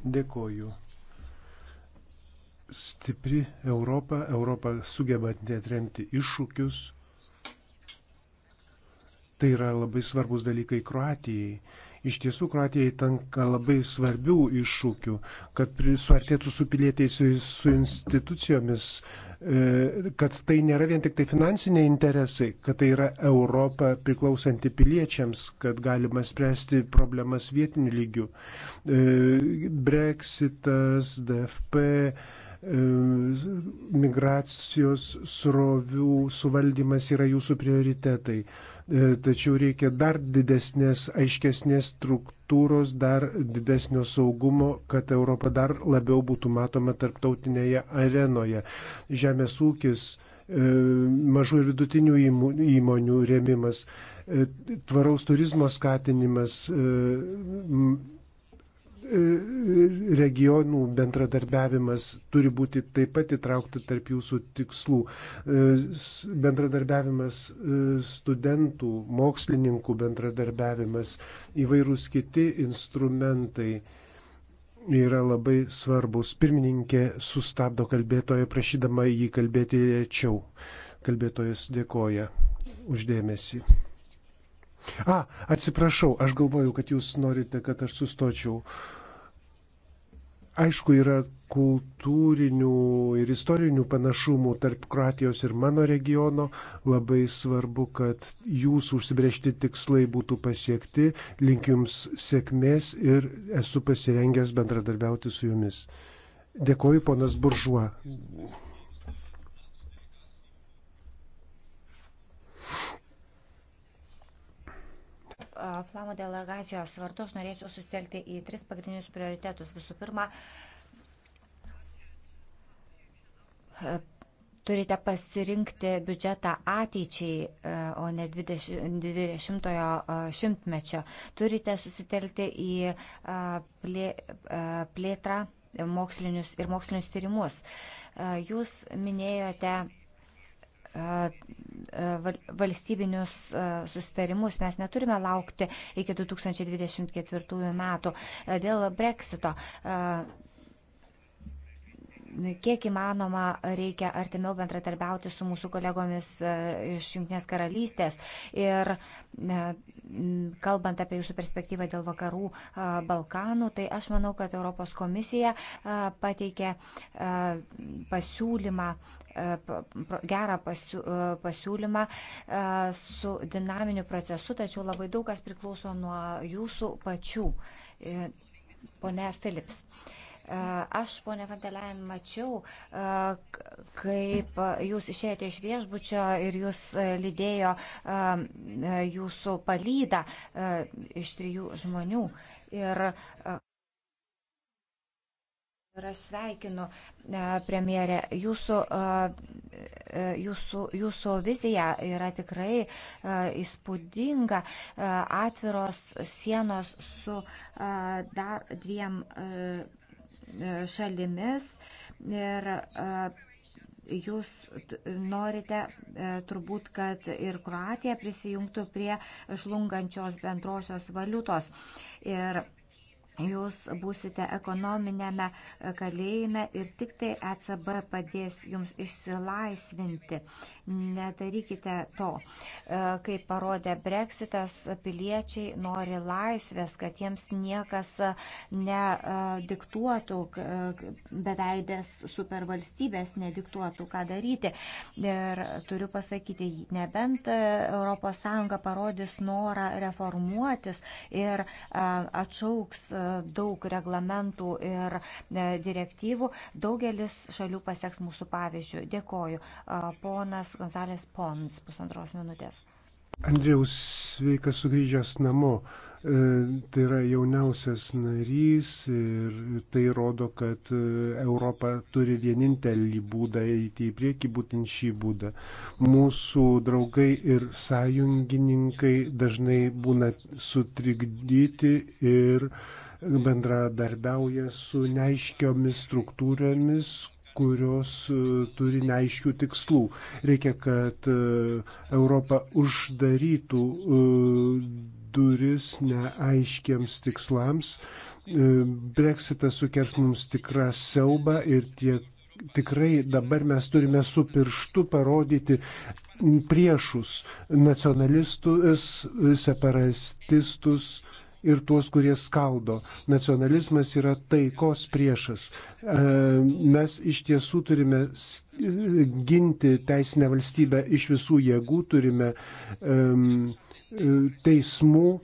Dėkoju stipri Europa, Europa sugebanti atremti iššūkius. Tai yra labai svarbus dalykai Kroatijai. Iš tiesų, Kroatijai tenka labai svarbių iššūkių, kad suartėtų su pilietiais, su, su institucijomis, e, kad tai nėra vien tik tai finansiniai interesai, kad tai yra Europa priklausanti piliečiams, kad galima spręsti problemas vietinių lygių. E, Brexitas, DFP, E, migracijos srovių suvaldymas yra jūsų prioritetai. E, tačiau reikia dar didesnės, aiškesnės struktūros, dar didesnio saugumo, kad Europa dar labiau būtų matoma tarptautinėje arenoje. Žemės ūkis, e, mažų ir vidutinių įmonių rėmimas, tvaraus turizmo skatinimas regionų bendradarbiavimas turi būti taip pat įtraukti tarp jūsų tikslų. E, bendradarbiavimas e, studentų, mokslininkų bendradarbiavimas, įvairūs kiti instrumentai yra labai svarbus. Pirmininkė sustabdo kalbėtoją, prašydama jį kalbėti lėčiau. Kalbėtojas dėkoja uždėmesi. A, atsiprašau, aš galvoju, kad jūs norite, kad aš sustočiau. Uh, Aišku, yra kultūrinių ir istorinių panašumų tarp Kroatijos ir mano regiono. Labai svarbu, kad jūsų užsibriežti tikslai būtų pasiekti. Linkiu Jums sėkmės ir esu pasirengęs bendradarbiauti su Jumis. Dėkoju, ponas Buržuo. Flamo delegacijos vardu aš norėčiau susitelkti į tris pagrindinius prioritetus. Visų pirma, turite pasirinkti biudžetą ateičiai, o ne 20-ojo šimtmečio. Turite susitelkti į plė, plėtrą mokslinius ir mokslinius tyrimus. Jūs minėjote valstybinius susitarimus. Mes neturime laukti iki 2024 metų dėl breksito kiek įmanoma reikia artimiau bendratarbiauti su mūsų kolegomis e, iš Junktinės karalystės. Ir e, kalbant apie jūsų perspektyvą dėl vakarų e, Balkanų, tai aš manau, kad Europos komisija pateikė pasiūlymą gerą pasiūlymą su dinaminiu procesu, tačiau labai daug kas priklauso nuo jūsų pačių. Pone Philips. Uh, Aš, ponė Vandelein, mačiau, kaip jūs išėjote iš viešbučio ir jūs lydėjo jūsų palydą iš trijų žmonių. Ir Ir aš sveikinu, premjerė, jūsų, jūsų, jūsų vizija yra tikrai įspūdinga, atviros sienos su dar dviem šalimis ir jūs norite e, turbūt, kad ir Kroatija prisijungtų prie žlungančios bendrosios valiutos. Ir jūs būsite ekonominėme kalėjime ir tik tai ECB padės jums išsilaisvinti. Nedarykite to. E, kaip parodė Brexitas, piliečiai nori laisvės, kad jiems niekas nediktuotų, e, beveidės supervalstybės nediktuotų, ką daryti. Ir turiu pasakyti, nebent ES parodys norą reformuotis ir e, atšauks daug reglamentų ir e, direktyvų, daugelis šalių pasieks mūsų pavyzdžių. Dėkoju. Ponas Gonzalės Pons, pusantros minutės. Andriaus sveikas sugrįžęs namo. E, tai yra jauniausias narys ir tai rodo, kad e, Europa turi vienintelį būdą eiti į priekį, būtent šį būdą. Mūsų draugai ir sąjungininkai dažnai būna sutrikdyti ir uh, bendradarbiauja su neaiškiomis struktūromis, kurios e, turi neaiškių tikslų. Reikia, kad e, Europa uždarytų e, duris neaiškiams tikslams. Brexitas sukers mums tikrą siaubą ir tiek tikrai dabar mes turime su pirštu parodyti priešus, nacionalistus, separatistus, ir tuos, kurie skaldo. Nacionalizmas yra taikos priešas. E, mes iš tiesų turime ginti teisinę valstybę iš visų jėgų, turime e, teismų e,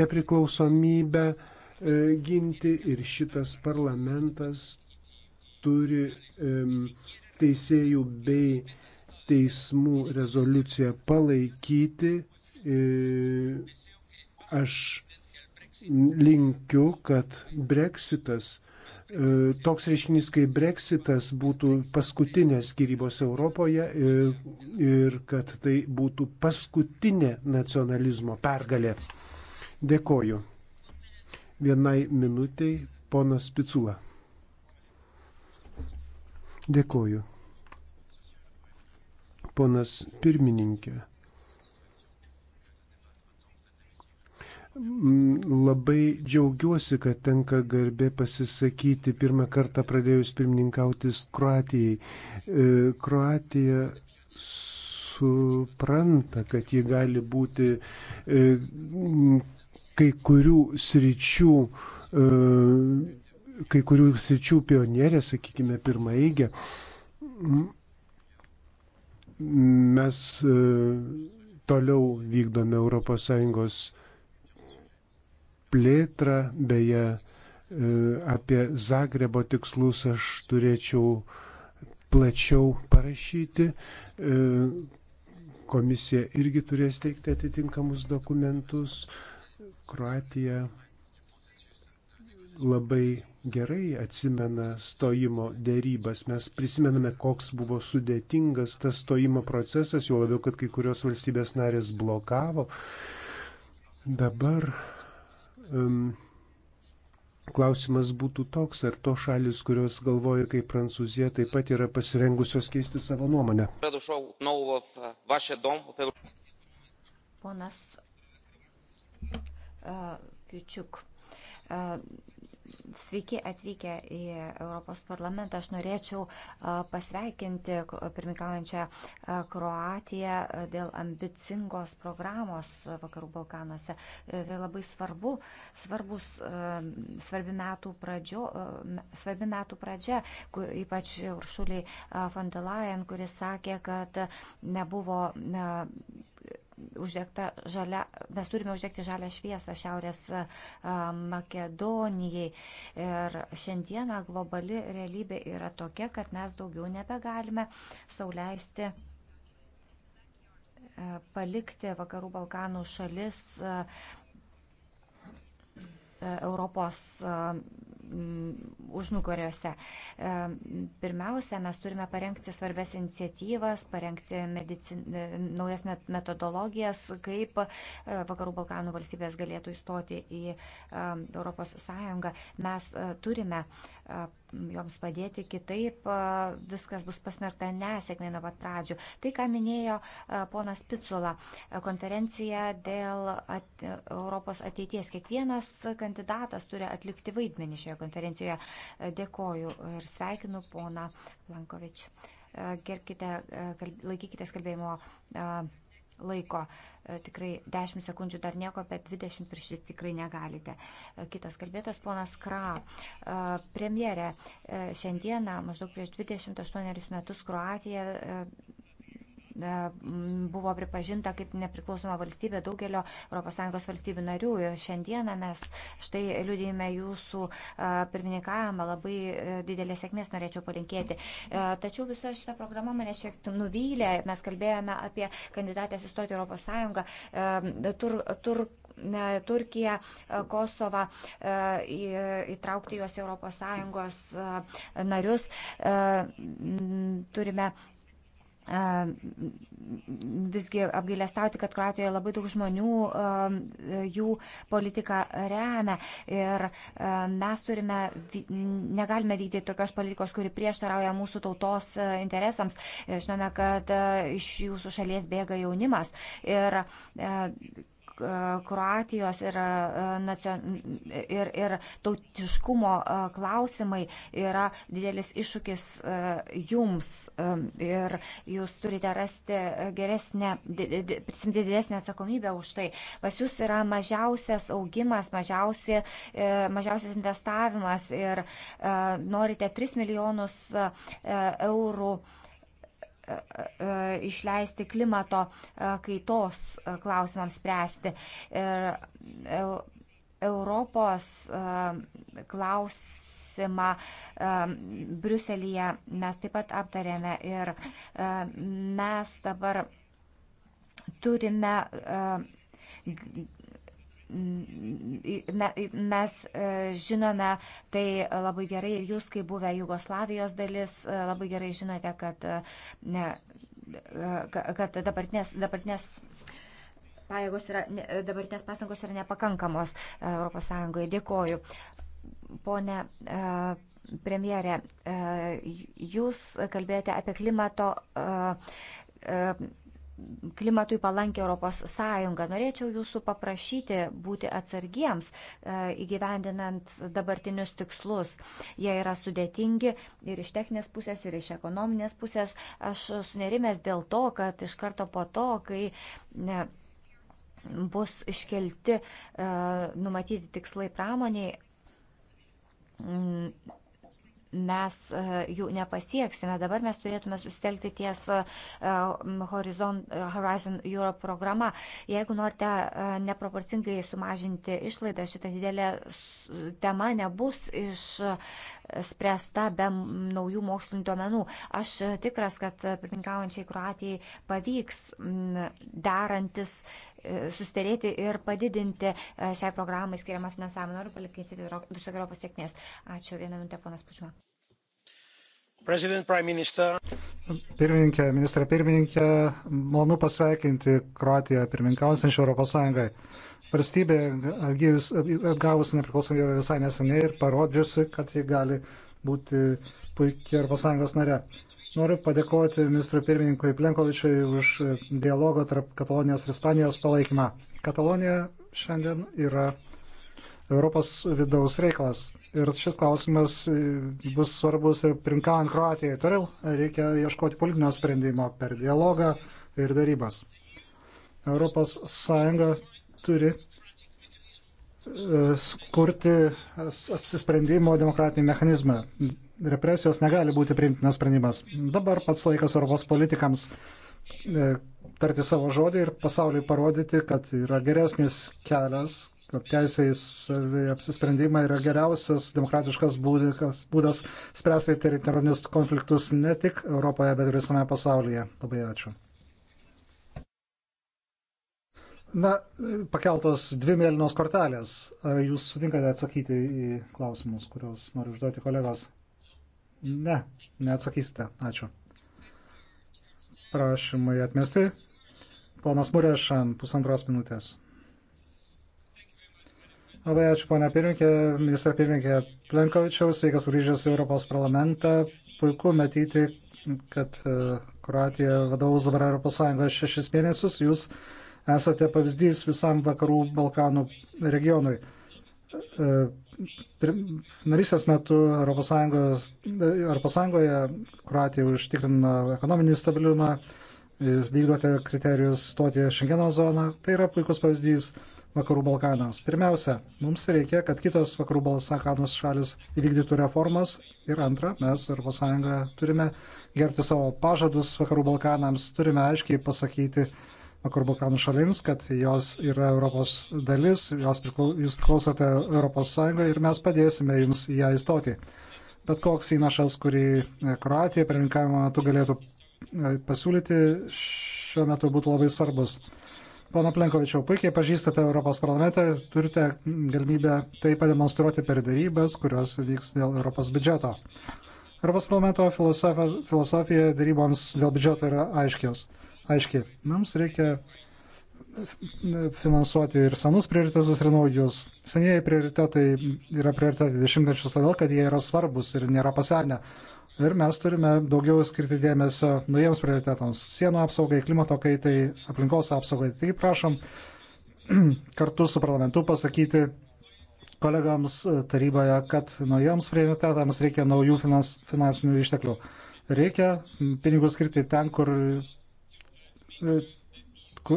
nepriklausomybę ginti ir šitas parlamentas turi teisėjų bei teismų rezoliuciją palaikyti. Aš linkiu, kad breksitas, e, toks reiškinys kaip breksitas būtų paskutinės skirybos Europoje ir, e, ir kad tai būtų paskutinė nacionalizmo pergalė. Dėkoju. Vienai minutiai ponas Picula. Dėkoju. Ponas pirmininkė. Mm, labai džiaugiuosi, kad tenka garbė pasisakyti pirmą kartą pradėjus pirmininkautis Kroatijai. E, Kroatija supranta, kad ji gali būti e, kai kurių sričių, e, kai kurių sričių pionierė, sakykime, pirmaeigė. Mes toliau vykdome ES plėtrą, beje, e, apie Zagrebo tikslus aš turėčiau plačiau parašyti. E, komisija irgi turės teikti atitinkamus dokumentus. Kroatija labai gerai atsimena stojimo dėrybas. Mes prisimename, koks buvo sudėtingas tas stojimo procesas, jau labiau, kad kai kurios valstybės narės blokavo. Dabar um, klausimas būtų toks, ar to šalis, kurios galvoja kaip Prancūzija, taip pat yra pasirengusios keisti savo nuomonę. Ponas uh, Kyčiuk. Uh, Sveiki atvykę į Europos parlamentą. Aš norėčiau pasveikinti pirmikaujančią Kroatiją dėl ambicingos programos Vakarų Balkanuose. E, tai labai svarbu, svarbus, svarbi, metų pradžio, svarbi metų pradžia, ypač Uršuliai von der Leyen, kuris sakė, kad nebuvo uždegta žalia, mes turime uždegti žalę šviesą Šiaurės Makedonijai. Ir šiandieną globali realybė yra tokia, kad mes daugiau nebegalime sauliaisti palikti Vakarų Balkanų šalis E, Europos e, užnugariuose. E, pirmiausia, mes turime parengti svarbės iniciatyvas, parengti medicin... naujas metodologijas, kaip Vakarų Balkanų valstybės galėtų įstoti į Europos Sąjungą. Mes turime joms padėti, kitaip viskas bus pasmerkta nesėkmė nuo pat pradžių. Tai, ką minėjo ponas Picula, konferencija dėl at, Europos ateities. Kiekvienas kandidatas turi atlikti vaidmenį šioje konferencijoje. Dėkoju ir sveikinu poną Lankovič. Gerbkite, kalb, laikykitės kalbėjimo. Uh, laiko. E, tikrai 10 sekundžių dar nieko, bet 20 viršyti tikrai negalite. E, kitas kalbėtojas, ponas Kra. E, premjerė, šiandieną maždaug prieš 28 metus Kroatija E, buvo pripažinta kaip nepriklausoma valstybė daugelio ES valstybių narių. Ir šiandieną mes štai liūdėjome jūsų e, pirmininkavimą, labai e, didelės sėkmės norėčiau palinkėti. Tačiau visa šita programa mane šiek tiek nuvylė. Mes kalbėjome apie kandidatės įstoti ES. Tur, tur, Turkiją, Kosovą įtraukti juos Europos Sąjungos narius. Turime visgi apgailestauti, kad Kroatijoje labai daug žmonių jų politiką remia ir mes turime, negalime vykdyti tokios politikos, kuri prieštarauja mūsų tautos interesams. Žinome, kad iš jūsų šalies bėga jaunimas ir Kroatijos ir, ir, ir tautiškumo klausimai yra didelis iššūkis jums ir jūs turite rasti geresnę, prisimti didesnę atsakomybę už tai. Pas jūs yra mažiausias augimas, mažiausia, e, mažiausias investavimas ir norite 3 milijonus e, eurų E, e, išleisti klimato e, kaitos klausimams spręsti. Ir Europos klausimą Briuselėje mes taip pat aptarėme ir mes dabar turime Mes e, žinome tai labai gerai ir jūs, kaip buvę Jugoslavijos dalis, e, labai gerai žinote, kad, e, ne, kad dabartinės, dabartinės pajėgos yra, dabartinės pastangos yra nepakankamos ES. Dėkoju. Pone premjerė, jūs kalbėjote apie klimato klimatui palankę Europos Sąjungą. Norėčiau jūsų paprašyti būti atsargiems e, įgyvendinant dabartinius tikslus. Jie yra sudėtingi ir iš techninės pusės, ir iš ekonominės pusės. Aš sunerimęs dėl to, kad iš karto po to, kai. Ne, bus iškelti e, numatyti tikslai pramoniai, mes e, jų nepasieksime. Dabar mes turėtume susitelkti ties e, Horizon, e, Horizon Europe programa. Jeigu norite neproporcingai sumažinti išlaidą, šitą didelę tema nebus išspręsta be naujų mokslinių duomenų. Aš tikras, kad pirmininkaujančiai Kroatijai pavyks darantis susterėti ir padidinti e, šiai programai skiriamą finansavimą. Noriu palikėti visokio Europos sėkmės. Ačiū. Vieną minutę, ponas Pučiuo. Pirmininkė, ministra pirmininkė, malonu pasveikinti Kroatiją pirmininkausiančią Europos Sąjungai. Valstybė atgavusi nepriklausomybę visai neseniai ir parodžiusi, kad ji gali būti puikia Europos Sąjungos nare. Noriu padėkoti ministrui pirmininkui Plenkovičiui už dialogą tarp Katalonijos ir Ispanijos palaikymą. Katalonija šiandien yra Europos vidaus reikalas. Ir šis klausimas bus svarbus ir primkaujant Kroatijai. Todėl reikia ieškoti politinio sprendimo per dialogą ir darybas. Europos Sąjunga turi e, skurti apsisprendimo demokratinį mechanizmą represijos negali būti priimtinas sprendimas. Dabar pats laikas Europos politikams e, tarti savo žodį ir pasauliui parodyti, kad yra geresnis kelias, kad teisės apsisprendimai yra geriausias demokratiškas būdikas, būdas spręsti teritorinius konfliktus ne tik Europoje, bet ir visame pasaulyje. Labai ačiū. Na, pakeltos dvi mėlynos kortelės. Ar jūs sutinkate atsakyti į klausimus, kuriuos noriu užduoti kolegos? Ne, neatsakysite. Ačiū. Prašymai atmesti. Ponas Murešan, pusantros minutės. Labai ačiū, ponia pirmininkė, ministra pirmininkė Plenkovičiaus, sveikas grįžęs į Europos parlamentą. Puiku matyti, kad e, Kroatija vadovaus dabar Europos Sąjungoje šešis mėnesius. Jūs esate pavyzdys visam vakarų Balkanų regionui. E, narystės metu ES, ES Kroatija užtikrina ekonominį stabilumą, vykdote kriterijus stoti Šengeno zoną. Tai yra puikus pavyzdys Vakarų Balkanams. Pirmiausia, mums reikia, kad kitos Vakarų Balkanus šalis įvykdytų reformas. Ir antra, mes ES turime gerbti savo pažadus Vakarų Balkanams, turime aiškiai pasakyti, vakarų Balkanų šalims, kad jos yra Europos dalis, jos priklau, jūs priklausote Europos Sąjungoje ir mes padėsime jums į ją įstoti. Bet koks įnašas, kurį e, Kroatija pirmininkavimo metu galėtų e, pasiūlyti, šiuo metu būtų labai svarbus. Pana Plenkovičiau, puikiai pažįstate Europos parlamentą, turite galimybę tai pademonstruoti per darybas, kurios vyks dėl Europos biudžeto. Europos parlamento filosofija daryboms dėl biudžeto yra aiškios aiškiai. Mums reikia finansuoti ir senus prioritetus, ir naujus. Senieji prioritetai yra prioritetai dešimtmečius todėl, kad jie yra svarbus ir nėra pasenę. Ir mes turime daugiau skirti dėmesio naujiems prioritetams - sienų apsaugai, klimato kaitai, aplinkos apsaugai. Tai prašom kartu su parlamentu pasakyti kolegams taryboje, kad naujiems prioritetams reikia naujų finans, finansinių išteklių. Reikia pinigus skirti ten, kur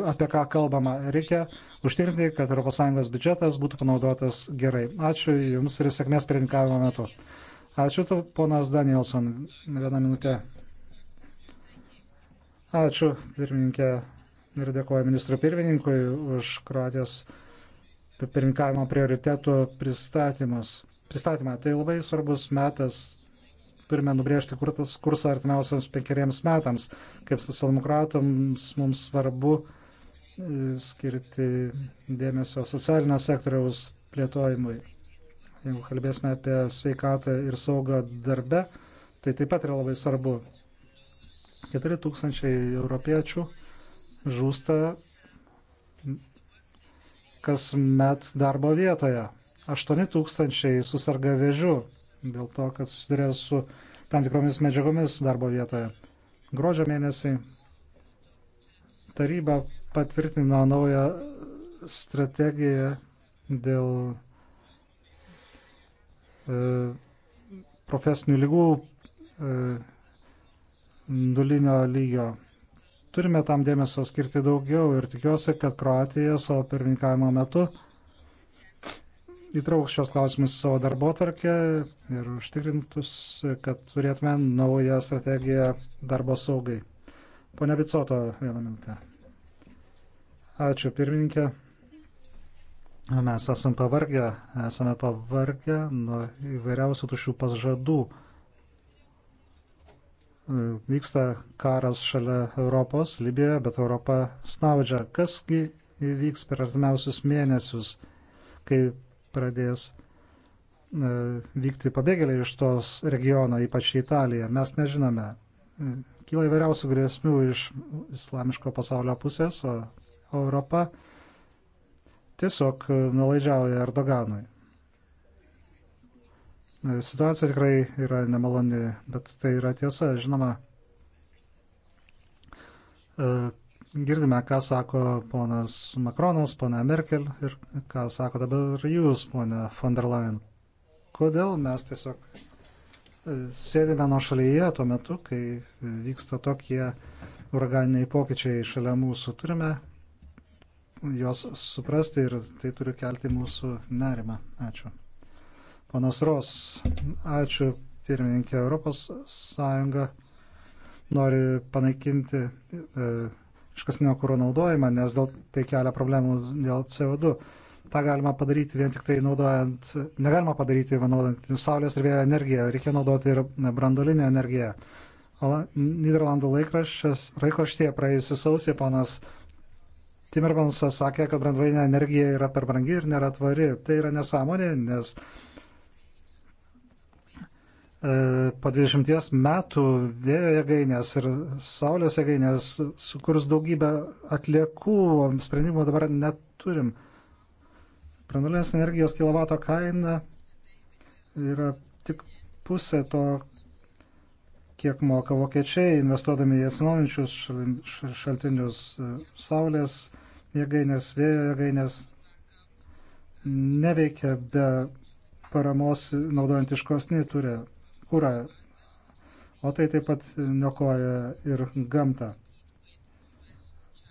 apie ką kalbama. Reikia užtikrinti, kad ES biudžetas būtų panaudotas gerai. Ačiū Jums ir sėkmės pirmininkavimo metu. Ačiū, tu, ponas Danielson. Vieną minutę. Ačiū, pirmininkė. Ir dėkoju ministru pirmininkui už Kroatijos pirmininkavimo prioritetų pristatymus. Pristatymą. Tai labai svarbus metas turime nubriežti kursą artimiausiams penkeriems metams. Kaip socialdemokratams mums svarbu e, skirti dėmesio socialinio sektoriaus plėtojimui. Jeigu kalbėsime apie sveikatą ir saugą darbe, tai taip pat yra labai svarbu. 4000 europiečių žūsta kasmet darbo vietoje. 8000 susirga vėžiu dėl to, kad susidurė su tam tikromis medžiagomis darbo vietoje. Gruodžio mėnesį taryba patvirtino naują strategiją dėl e, profesinių lygų e, nulinio lygio. Turime tam dėmesio skirti daugiau ir tikiuosi, kad Kroatija savo pirmininkavimo metu įtrauks šios klausimus į savo darbo tvarkę ir užtikrintus, kad turėtume naują strategiją darbo saugai. Pone Bicoto, vieną minutę. Ačiū pirmininkė. Mes esame pavargę, esame pavargę nuo įvairiausių tušių pažadų. Vyksta karas šalia Europos, Libijoje, bet Europa snaudžia. Kasgi įvyks per artimiausius mėnesius, kai pradės e, vykti pabėgėliai iš tos regiono, ypač į Italiją. Mes nežinome. E, kyla įvairiausių grėsmių iš islamiško pasaulio pusės, o Europa tiesiog nulaidžiauja Erdoganui. E, situacija tikrai yra nemaloni, bet tai yra tiesa. Žinoma, girdime, ką sako ponas Makronas, ponia Merkel ir ką sako dabar jūs, ponia von der Leyen. Kodėl mes tiesiog e, sėdime nuo šalyje tuo metu, kai vyksta tokie uraganiniai pokyčiai šalia mūsų, turime juos suprasti ir tai turi kelti mūsų nerimą. Ačiū. Panas Ros, ačiū pirmininkė Europos Sąjunga nori panaikinti e, iškasnio kūro naudojimą, nes dėl tai kelia problemų dėl CO2. Ta galima padaryti vien tik tai naudojant, negalima padaryti naudojant saulės ir vėjo energiją, reikia naudoti ir brandolinę energiją. O Niderlandų laikraštyje praėjusį sausį panas Timmermansas sakė, kad brandolinė energija yra per brangi ir nėra tvari. Tai yra nesąmonė, nes E, po 20 metų vėjo jėgainės ir saulės jėgainės sukurs daugybę atliekų, sprendimų dabar neturim. Pranulinės energijos kilovato kaina yra tik pusė to, kiek moka vokiečiai, investuodami į atsinaujančius šaltinius saulės jėgainės, vėjo jėgainės neveikia be paramos naudojant iškosnį turė kūrą, o tai taip pat niokoja ir gamtą.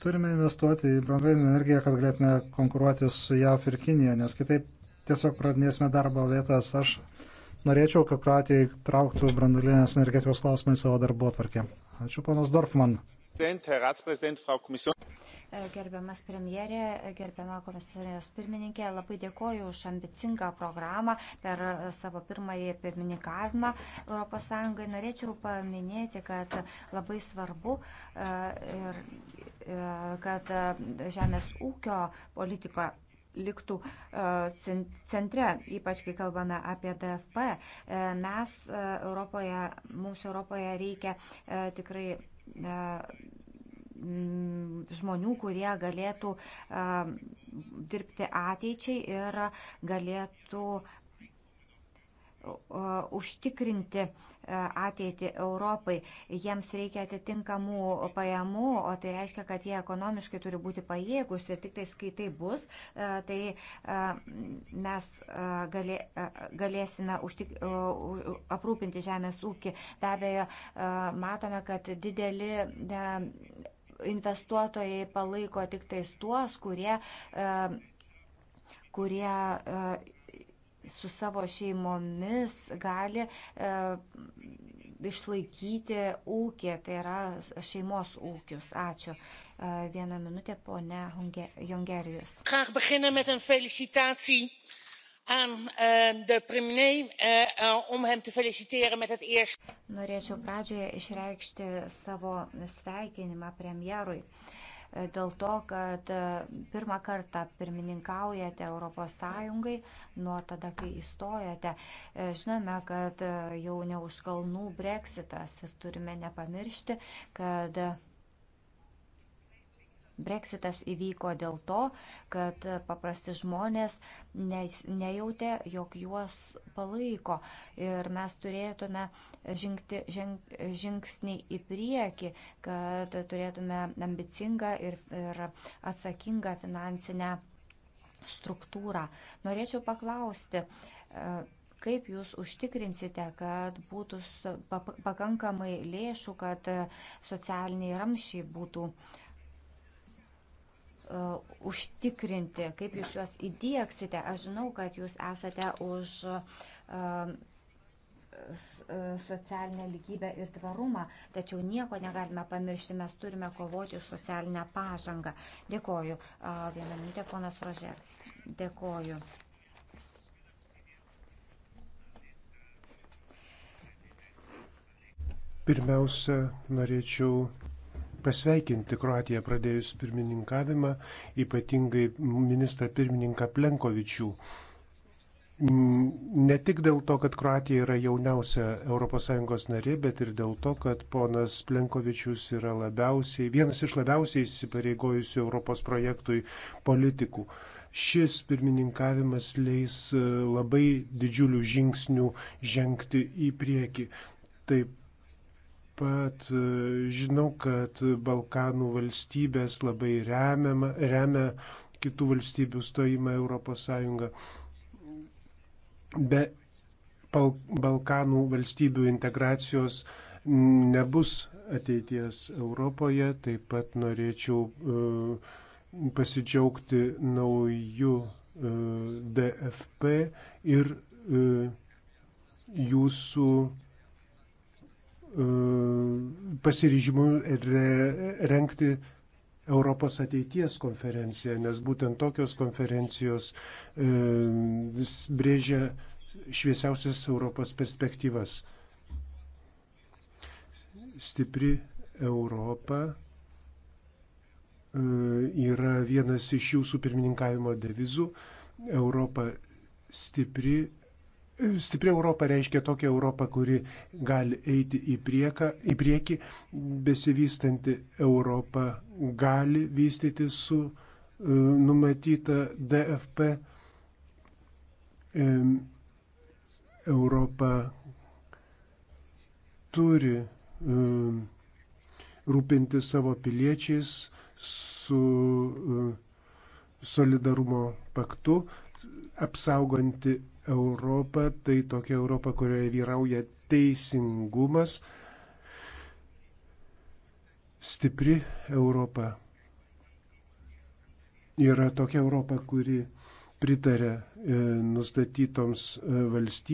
Turime investuoti į branduolinę energiją, kad galėtume konkuruoti su JAV ir Kinija, nes kitaip tiesiog pradėsime darbo vietas. Aš norėčiau, kad Kroatija įtrauktų branduolinės energetikos klausimą į savo darbo atvarkę. Ačiū, panas Dorfman. Gerbiamas premjerė, gerbiama komisarijos pirmininkė, labai dėkoju už ambicingą programą per savo pirmąjį pirmininkavimą ES. Norėčiau paminėti, kad labai svarbu e, ir e, kad žemės ūkio politika liktų e, centre, ypač kai kalbame apie DFP. Mes Europoje, mums Europoje reikia tikrai Mm, žmonių, kurie galėtų dirbti ateičiai ir galėtų užtikrinti ateitį Europai. Jiems reikia atitinkamų pajamų, o tai reiškia, kad jie ekonomiškai turi būti pajėgus ir tik tais, kai tai bus, tai mes galėsime užtik, aprūpinti žemės ūkį. Be abejo, matome, kad dideli investuotojai palaiko tik tais tuos, kurie, e, kurie e, su savo šeimomis gali e, išlaikyti ūkį, tai yra šeimos ūkius. Ačiū. Vieną minutę, ponė Jongerijus aan ehm, de premier eh, eh, om hem te feliciteren met het eerste. Norėčiau pradžioje išreikšti savo sveikinimą premjerui e, dėl to, kad e, pirmą kartą pirmininkaujate Europos Sąjungai nuo tada, kai įstojate. E, žinome, kad jau neužkalnų breksitas ir turime nepamiršti, kad Brexitas įvyko dėl to, kad paprasti žmonės nejautė, jog juos palaiko. Ir mes turėtume žingti, žing, žingsnį į priekį, kad turėtume ambicingą ir, ir atsakingą finansinę struktūrą. Norėčiau paklausti, e, kaip jūs užtikrinsite, kad būtų pakankamai lėšų, kad socialiniai ramšiai būtų uh, E, užtikrinti, kaip jūs juos įdieksite. Aš žinau, kad jūs esate už e, e, socialinę lygybę ir tvarumą, tačiau nieko negalime pamiršti, mes turime kovoti už socialinę pažangą. Dėkoju. Vieną minutę, ponas Rožė. Dėkoju. Pirmiausia, norėčiau pasveikinti Kroatiją pradėjus pirmininkavimą, ypatingai ministrą pirmininką Plenkovičių. Ne tik dėl to, kad Kroatija yra jauniausia ES narė, bet ir dėl to, kad ponas Plenkovičius yra labiausiai, vienas iš labiausiai įsipareigojusių Europos projektui politikų šis pirmininkavimas leis e, labai didžiulių žingsnių žengti į priekį. Taip pat e, žinau, kad Balkanų valstybės labai remiama, remia kitų valstybių stojimą Europos Sąjungą. Be Balkanų valstybių integracijos nebus ateities Europoje. Taip pat norėčiau e, pasidžiaugti naujų e, DFP ir jūsų E, pasiryžimu renkti Europos ateities konferenciją, nes būtent tokios konferencijos e, brėžia šviesiausias Europos perspektyvas. Stipri Europa e, yra vienas iš jūsų pirmininkavimo devizų. Europa stipri, Stipri Europa reiškia tokią Europą, kuri gali eiti į, prieką, į priekį, besivystanti Europa gali vystyti su e, numatyta DFP. Europa turi rūpinti savo piliečiais su e, solidarumo paktu, apsauganti Europą, tai tokia Europa, kurioje vyrauja teisingumas, stipri Europa. Yra tokia Europa, kuri pritarė e, nustatytoms e, valstybėms.